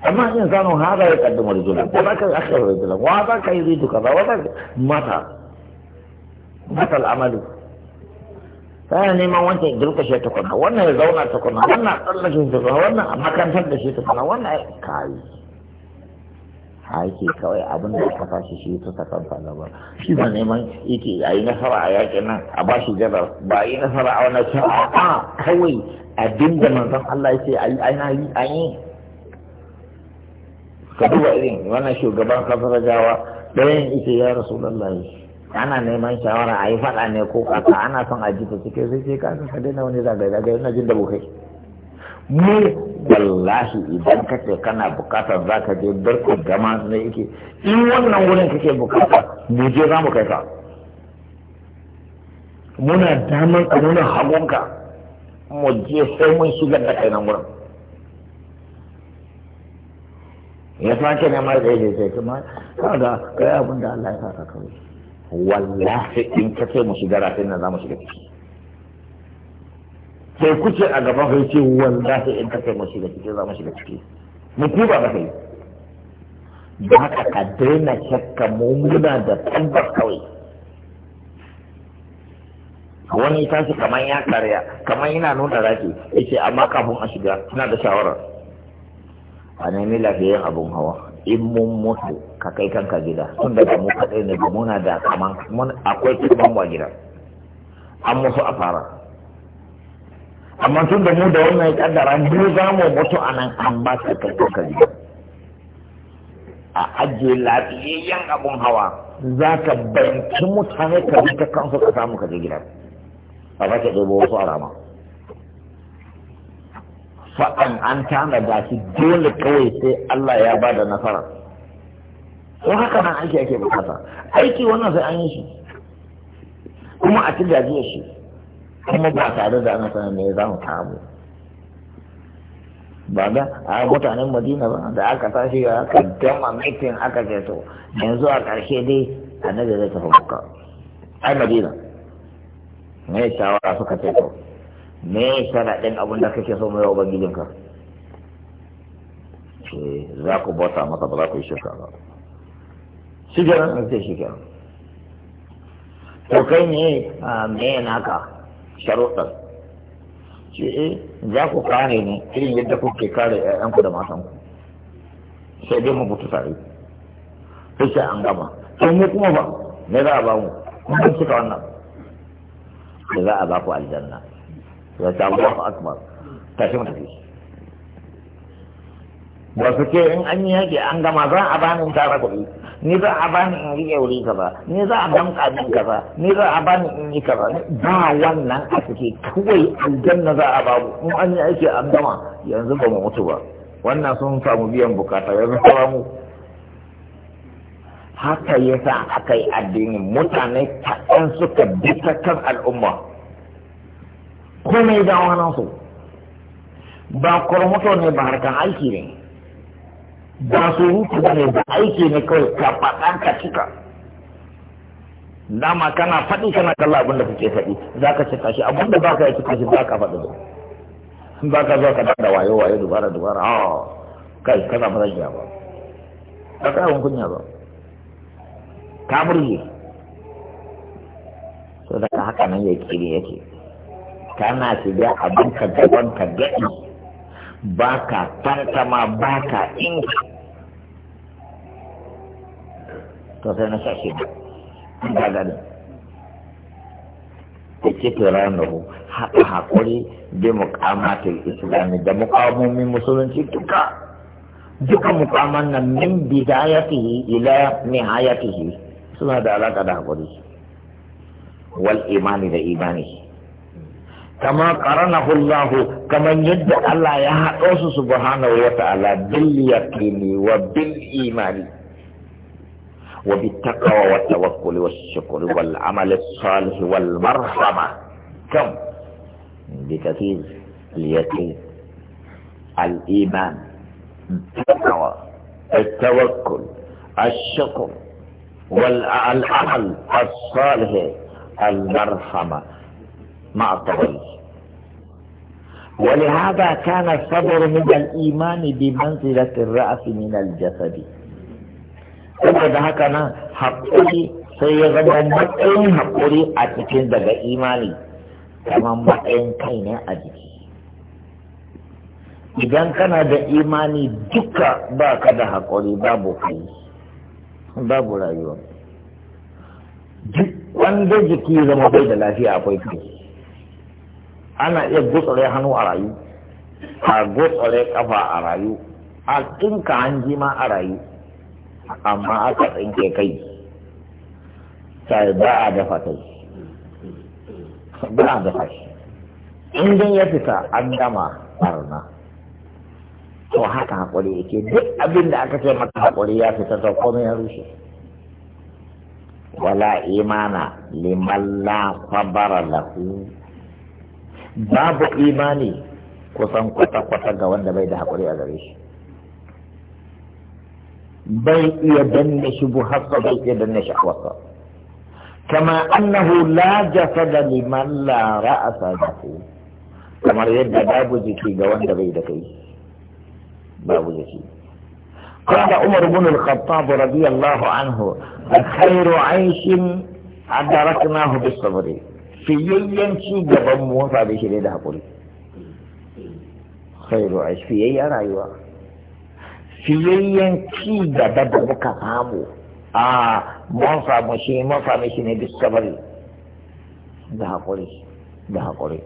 amma in zanu hada ya kaddama rijulan ko za ka yi akhir rijulan wa za ka yi ridu kaza wa za mata mata al'amalu tana neman wancan girka shi durkushe tukuna wannan ya zauna ta tukuna wannan tsallake tukuna wannan a makantar da shi tukuna wannan ya kayi a yake kawai abin da aka fashi shi ta sakan gaba shi ba neman yake a yi nasara a yakin nan a ba shi jarar ba yi nasara a wani cewa a kawai abin da manzon Allah ya a yi aina yi a ka duba irin wannan shugaban kasar jawa ɗayan ita ya rasu lallai ana neman shawara a yi faɗa ne ko kaka ana son a ji ta cikin sai ce ka ka daina wani zagaye zagaye na jin da bukai ne wallahi idan ka kana bukatar za ka je barko gama ne yake in wannan wurin kake bukata mu je za mu kai ka muna daman ka nuna hagunka mu je sai mun shiga da kai nan wurin ya sake ne mai da yake sai kuma kaga kai abin da Allah ya saka kawai wallahi in ka ce mu shiga rafin nan za mu shiga ciki sai kuke a gaban sai ce wallahi in ka kai mu shiga ciki za mu shiga ciki mu ku ba ka yi da haka ka daina shakka mu muna da tabbas kawai wani shi kamar ya karya kamar yana nuna rafi yace amma kafin a shiga ina da shawara a nemi lafiyayyen abun hawa in mun mutu ka kai kanka gida tun daga mu kaɗai ne muna da kaman akwai kaman wa gida an musu a fara amma tun da mu da wannan ya kaddara mu za mu mutu a nan an ba su karkar a ajiye lafiyayyen abun hawa za ka banki mutane ka bi ta kansu ka samu ka je gida a ba ka ɗebo wasu a rama faɗan an da shi dole kawai sai Allah ya ba da nasara Ko haka nan aiki ake bukata aiki wannan sai an yi shi kuma a ci gajiyar shi kuma ba tare da an sanar me za mu samu ba da a mutanen madina ba da aka tashi aka dama mitin aka ce to yanzu a ƙarshe dai annabi zai tafi buka ai madina me shawara suka ce to me ɗin abin da kake so mai ubangijinka ce za ku bauta masa ba za ku yi shirka ba shi kenan an ce shi kenan to kai ne me naka sharuɗar ce e eh, za ku kare ne irin yadda kuke kare ƴaƴanku da matanku sai dai mu mutu tare sai sai an gama sai mu kuma ba me za a ba mu kun cika wannan da za a ba ku aljanna ya ta Allahu akbar tafi mu tafi ba su in an yi yaƙi an gama za a bani tara kuɗi ni za a bani in riƙe wuri kaza ni za a damƙa min kaza ni za a bani in yi kaza ba wannan a suke kawai aljanna za a babu in an yi aiki an gama yanzu ba mu mutu ba wannan sun samu biyan bukata yanzu mu. haka ya sa aka yi addini mutane kaɗan suka bi kan al'umma komai da wani su ba kurmuto ne ba harkar aiki ne ba su hutu ba ne da aiki ne kawai ka faɗan ka cika dama kana faɗi kana kalla abin da kake faɗi za ka cika shi abin da ba ka yi cika shi ba ka faɗi ba ba ka zo ka da wayo wayo dubara dubara a ah, kai ka samu rajiya ba ba ka yi kunya ba ka burge so da ka haka nan ya kiri yake kana shiga abin ka gaban ka gaɗi ba ka tantama ba ka inka to sai na sha shida in ga gani yake turanahu haɗa haƙuri bi muƙamatul islami da muƙamomin musulunci duka duka muƙaman nan min bidayatihi ila nihayatihi suna da alaƙa da haƙuri wal imani da imani kama qaranahu Allah kaman yadda Allah ya haɗo su subhanahu wa ta'ala bil yaqini wa bil imani وبالتقوى والتوكل والشكر والعمل الصالح والمرحمة كم بكثير اليقين الإيمان التقوى التوكل الشكر والعمل الصالح المرحمة مع الطويل ولهذا كان الصبر من الإيمان بمنزلة الرأس من الجسد saboda haka nan haƙuri sai ya zama matsayin haƙuri a cikin daga imani kamar matsayin kai ne a jiki idan kana da imani duka ba ka da haƙuri babu kai babu rayuwa duk wanda jiki zama bai da lafiya akwai kai ana iya gutsure hannu a rayu a gutsure kafa a rayu a tsinka hanji ma a rayu amma aka tsinke kai sai ba a dafa kai ba a dafa shi in ya fita an gama barna to haka hakuri yake duk abin da aka ce maka hakuri ya fita to komai ya rushe wala imana liman la sabara lahu babu imani kusan kwata-kwata ga wanda bai da hakuri a gare shi بل يدن شبهك بل يدن شهوتك كما انه لا جسد لمن لا راس له كما يدى باب ذكي جوان بيدك باب زكي قال عمر بن الخطاب رضي الله عنه خير عيش ادركناه بالصبر في ينشي جبن موسى بشري ده خير عيش في اي رايوه fiyayyen ci da da muka samu a mun samu shi mun samu shi ne discovery da hakuri da hakuri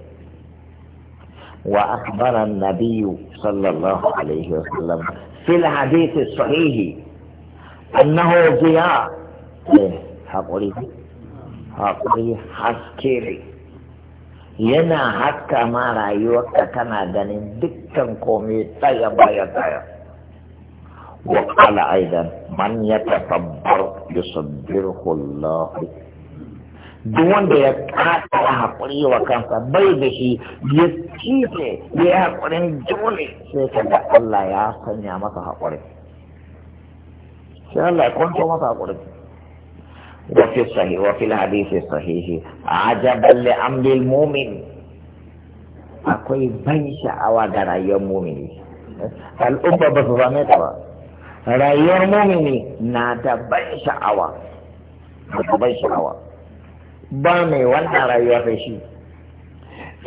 wa akhbara an-nabiy sallallahu alaihi wa sallam fil hadithi sahih annahu ziya hakuri hakuri haske yana hakka ma rayuwarka kana ganin dukkan komai tsaya baya tsaya وقال أيضا من يتكبر يصبره الله duk wanda ya kada hakuri wa kansa bai da shi ya kife ya yi haƙurin dole sai ka Allah ya sanya masa haƙuri sai Allah ya kwanto masa haƙuri wa fi hadisi sahihi mu'min akwai ban sha'awa ga rayuwar mu'mini al'umma ba su zame ba rayuwar mumini na da ban sha'awa da ban sha'awa ba mai wannan rayuwar da shi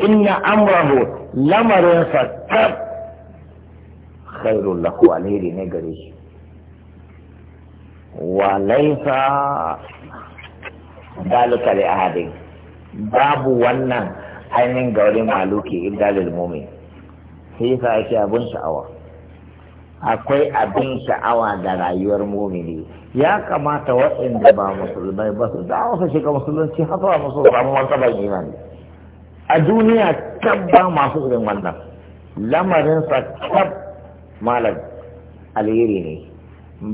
inna amrahu lamarin sa tab khairul lahu alheri ne gare shi wa laisa dalika li ahadin babu wannan ainihin ga maluki idalil mumin sai yasa yake abun sha'awa akwai abin sha'awa da rayuwar mumini ya kamata waɗanda ba musulmai ba su dawo su shiga musulunci haka ba musu samu martaban imani a duniya kan ba masu irin wannan Lamarin sa kan malam alheri ne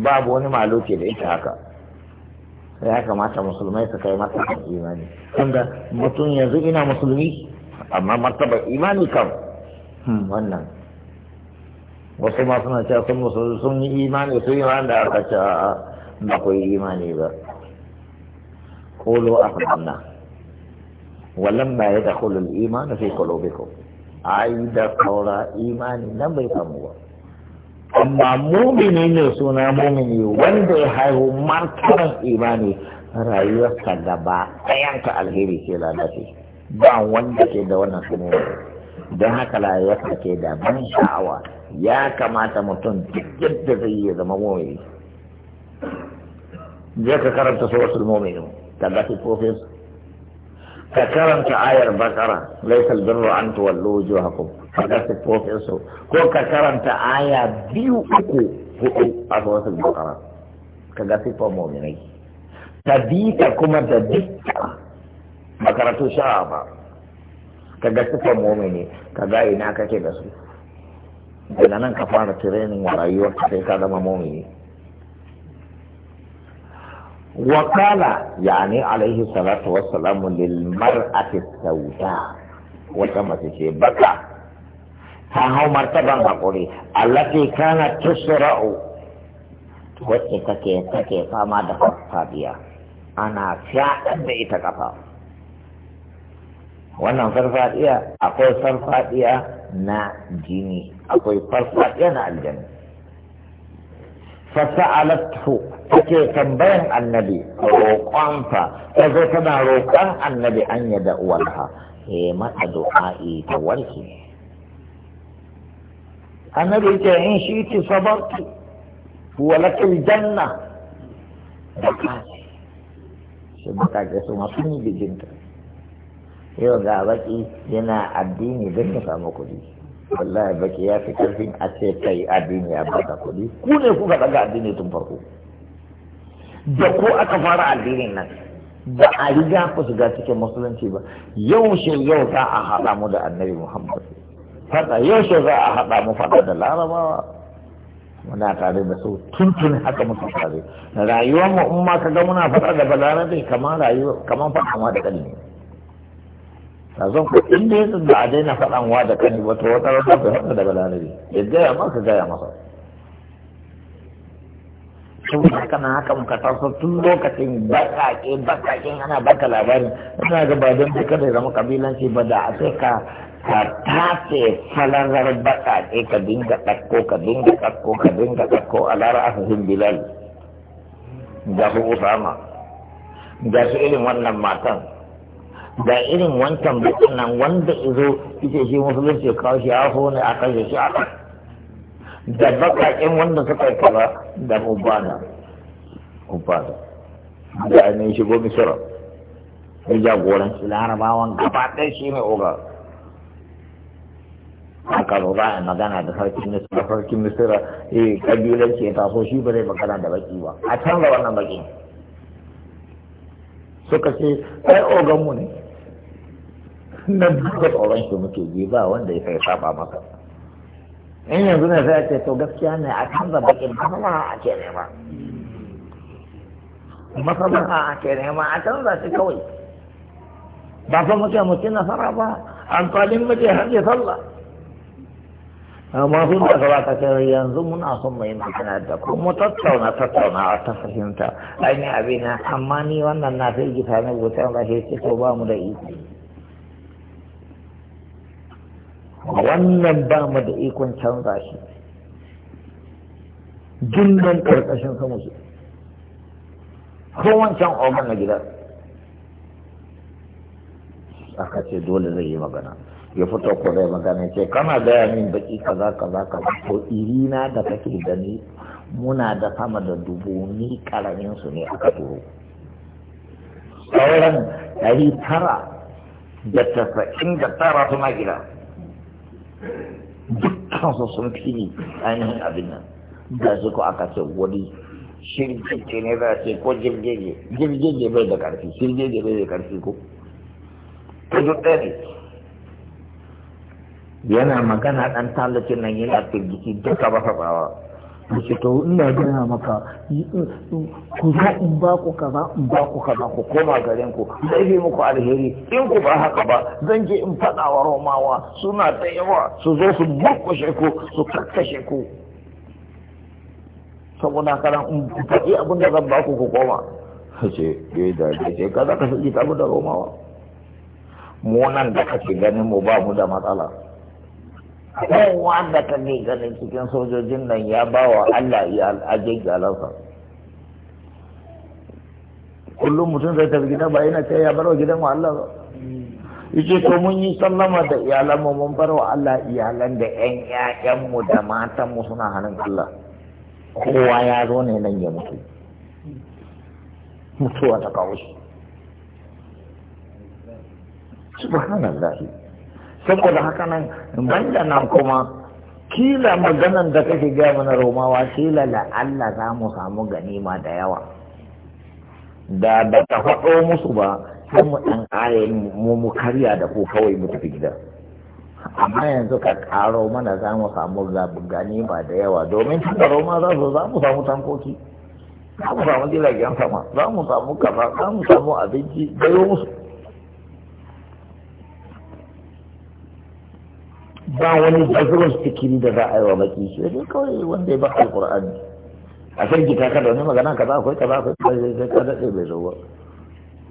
babu wani maloke da ita haka ya kamata musulmai su kai martaban imani tunda mutum yanzu ina musulmi amma martaba imani kam hmm, wannan wasu ma suna cewa sun musu sun yi imani sun yi da aka ce a'a ba ku yi imani ba kolo a fahimna wallan ba ya da kulul imani fi a yi da saura imani nan bai samu ba amma mumini ne suna mumini wanda ya haihu martaban imani rayuwarsa gaba ɗayanka alheri ke lalace ba wanda ke da wannan sunan don haka la ya sake da ban sha'awa ya kamata mutum duk da zai yi zama mumini zai ka karanta suratul mu'minin ka ga sifofin ka karanta ayar bakara laysal birru an tuwallu wujuhakum ka ga sifofin su ko ka karanta aya biyu uku hudu a suratul bakara ka ga sifofin mu'minai Ka bi ta kuma da dukkan makarantu sha'a ba ka ga sifan momini ka ga ina kake da su daga nan ka fara tirenin rayuwar sai ka zama momini wakala yani alaihi salatu wassalamu lil mar'ati sauda wata mace ce baka ta hau martaban hakuri allati kana tusra'u wacce take take fama da farfadiya ana fyaɗar da ita kafa wannan farfadiya akwai farfadiya na jini akwai farfadiya na aljanna fasa'alatu take tambayan annabi roƙonsa ta zo tana roƙon annabi an ya da uwarha ya mata du'a'i ta warke annabi ce in shi ti sabartu huwa lakal janna da kashi shi baka ga su masu ni bijinta yau ga baki yana addini da ya samu kuɗi wallahi baki ya fi karfin a ce kai addini ya baka kuɗi ku ne kuka daga addini tun farko da ko aka fara addinin nan ba a riga ku shiga cikin musulunci ba yau shi yau za a haɗa mu da annabi muhammad fada yau shi za a haɗa mu fada da larabawa muna tare da su tuntun haka muka tare rayuwar mu umma ma ka ga muna faɗa da balarabe kamar rayuwa kamar ma da kalmi a zan ku inda ya tsinda a daina faɗan wa da kani wata wata rasa bai haɗa da balarabe ya gaya maka gaya masa saboda haka na haka muka taso tun lokacin bakake bakakin ana baka labarin ina ga ba don duka da zama kabilanci ba da sai ka ka tace falarar bakake ka dinga ɗakko ka dinga ɗakko ka dinga ɗakko a lara asasin bilal da su usama da su irin wannan matan da irin wancan bikin nan wanda izo ita shi musulunci kawo shi afo ne a kashe shi a da bakaƙin wanda suka yi kaza da mubana mubana da ainihin shigo misira ya jagoranci larabawan gaba ɗaya shi ne oga a zo za a magana da sarkin misira ya yi eh kabilanci ya taso shi ba zai magana da baki ba a canza wannan baki suka ce ai oganmu ne na duka tsoron shi muke ji ba wanda ya sai saba maka in yanzu ne sai ce to gaskiya ne a kan da bakin masana a ke nema masana a ke nema a canza shi kawai ba fa muke muke nasara ba amfanin muke har ya sallah amma sun da gaba ta kai yanzu muna son mai magana da ku mu tattauna tattauna a ta fahimta ainihin abin amma ni wannan na firgita ne wutan rashe ce ko ba mu da iko wannan ba mu da ikon canza shi jinnan karkashin samu su ko can na gida. aka ce dole zai yi magana ya fito ko zai magana ce kana gaya min baki kaza kaza kaza ko irina da kake gani muna da sama da dubu ni karamin su ne aka turo sauran ɗari tara da tasa'in da tara suna gida dukkan su sun fi ne ainihin abin nan da su ko aka ce wani ce ne za a ce ko jirgege jirgege bai da karfi shirgege bai da karfi ko ta duk ɗaya ne yana magana ɗan tallafin nan yana firgiki duka ba faɓawa da to ina gina maka ku zo in ba ku kaza in ba ku kaza ku koma garin ku zai yi muku alheri in ku ba haka ba zan je in fada wa romawa suna ta yawa su zo su murkushe ku su kakkashe ku saboda kana in faɗi abin da zan ba ku ku koma ce bai eh, da ya ce kaza ka fi tabu da romawa mu nan da kake ganin mu ba mu da matsala kowa wanda ta ne ganin cikin sojojin nan ya ba wa Allah ya ajin galarsa kullum mutum zai tafi gida ba yana ce ya bar wa gidan wa Allah ba yace ko mun yi sallama da iyalanmu mun bar wa Allah iyalan da ƴan mu da matanmu suna hannun Allah kowa ya zo ne nan ya mutu mutuwa ta kawo shi subhanallah saboda haka nan banda nan kuma kila maganan da kake gaya mana romawa kila la Allah za mu samu ganima da yawa da ba ta faɗo musu ba sai mu ɗan ƙare mu mu karya da ku kawai mu tafi gida amma yanzu ka ƙaro mana za mu samu ganima da yawa domin tun da roma za su za mu samu tankoki za mu samu jiragen sama za mu samu kaza za mu samu abinci da musu ba wani jazurin sikiri da za a yi wa baki shi ne kawai wanda ya baka alkur'ani a san ka da wani magana ka za akwai ka za akwai sai ka daɗe bai zo ba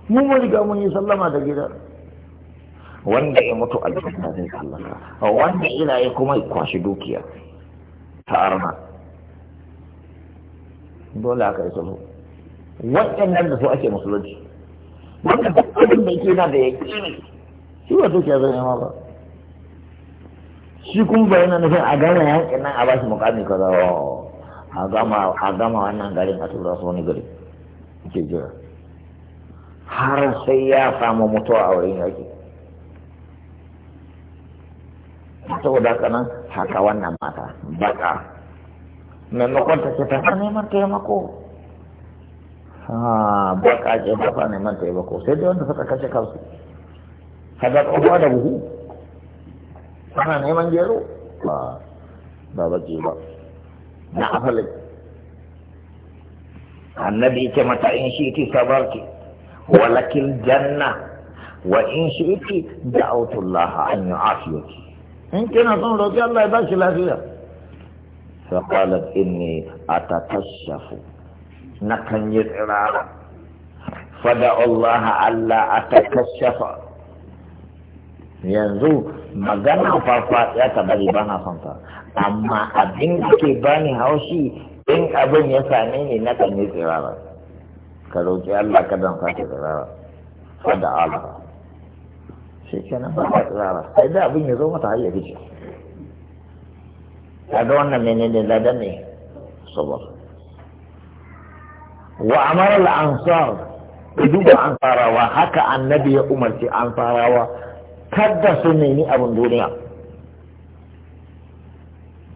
mu mun riga mun yi sallama da gida wanda ya mutu aljanna zai sallama wanda ina ya kuma kwashi dukiya ta arna dole aka yi sulhu waɗannan da su ake musulunci wanda duk abin da yake na da ne shi ba dukiya zai nema ba shi kuma ba yana nufin a gama yankin nan a ba shi mukami kaza a gama a gama wannan garin a tura su wani gari ke jira har sai ya samu mutuwa a wurin yaki saboda haka nan haka wannan mata baka maimakon ta ce ta neman taimako ha baka ce ta neman taimako sai dai wanda suka kashe kansu kaga tsohuwa da buhu ana neman gero ba ba baki ba na afalin annabi ce mata in shi ti sabarki walakin janna wa in shi ti da'autullah an yu'afiyaki in kina son roƙi Allah ya ba shi lafiya فقالت إني أتكشف نكن يزعرارا فدعوا الله ألا أتكشف ينزو magana farfa ya ta bari ba na son ta amma abin da ke bani haushi in abin ya same ni na kan yi tsirara ka roƙi Allah ka don ke tsirara fada Allah shi kenan ba ka tsirara sai da abin ya zo mata har ya fice kaga wannan menene ladan ne sabar wa amara al-ansar duba ansarawa haka annabi ya umarci ansarawa kada su nemi abin duniya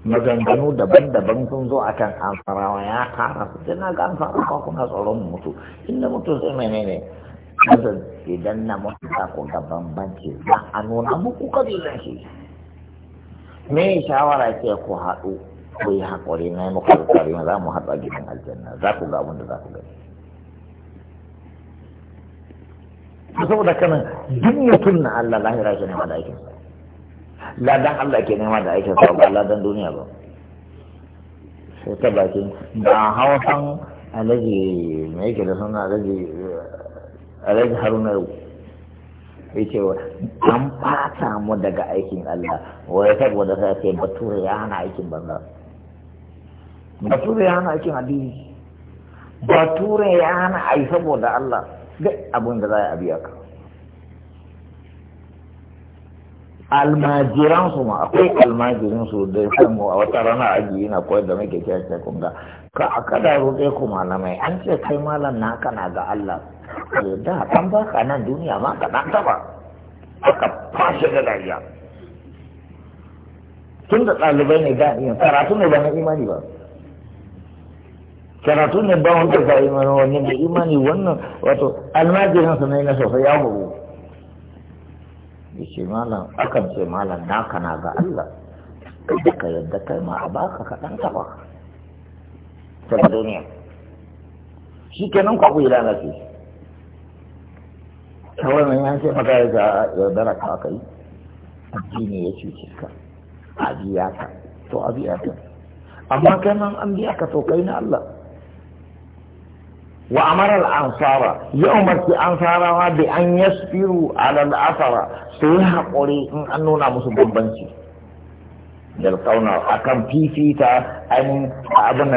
maganganu daban-daban sun zo a kan ansarawa ya tara su sai na ga amfarawa kuna tsoron mutu inda mutu sai menene kada idan na mutu ta ku ga bambanci za a nuna muku kabilan shi me shawara ce ku haɗu ku yi haƙuri na yi muku alƙari za mu haɗu a gidan aljanna za ku ga abin da za ku gani saboda kanan duk mutum na Allah lahira ke nema da aikinsa ladan Allah ke nema da aikinsa ba ladan duniya ba sai ta baki ba hausan alaji me yake da suna alaji alaji haruna yau ya ce wa an fata mu daga aikin Allah wai gwada sai ce bature ya hana aikin banza bature ya hana aikin addini bature ya hana ai saboda Allah duk abin da za a biya ka almajiransu ma akwai almajirinsu da samu a wata rana aji yana koyar da muke cewa ce kun ga ka a kada roƙe ku malamai an ce kai malam na kana ga Allah eh, da an ka nan duniya ma ka dan taba aka fashe da dariya tun da ɗalibai ne da karatu ne ba na imani ba karatu ne ba wanda ba imani wannan da imani wannan wato almajirin sa ne na sosai ya bugu. yace malam akan ce malam na kana ga Allah kai ka yadda kai ma a baka ka dan taba ta duniya shi kenan ku yi lalace kawai mai yan ce maka ya dara ka kai yi addini ya ci ka a biya ka to a biya ka amma kai nan an biya ka to kai na Allah wa amara al-ansara ya umarci ansarawa bi an yasfiru ala al-asara su yi haƙuri in an nuna musu bambanci da kauna akan fifita an abin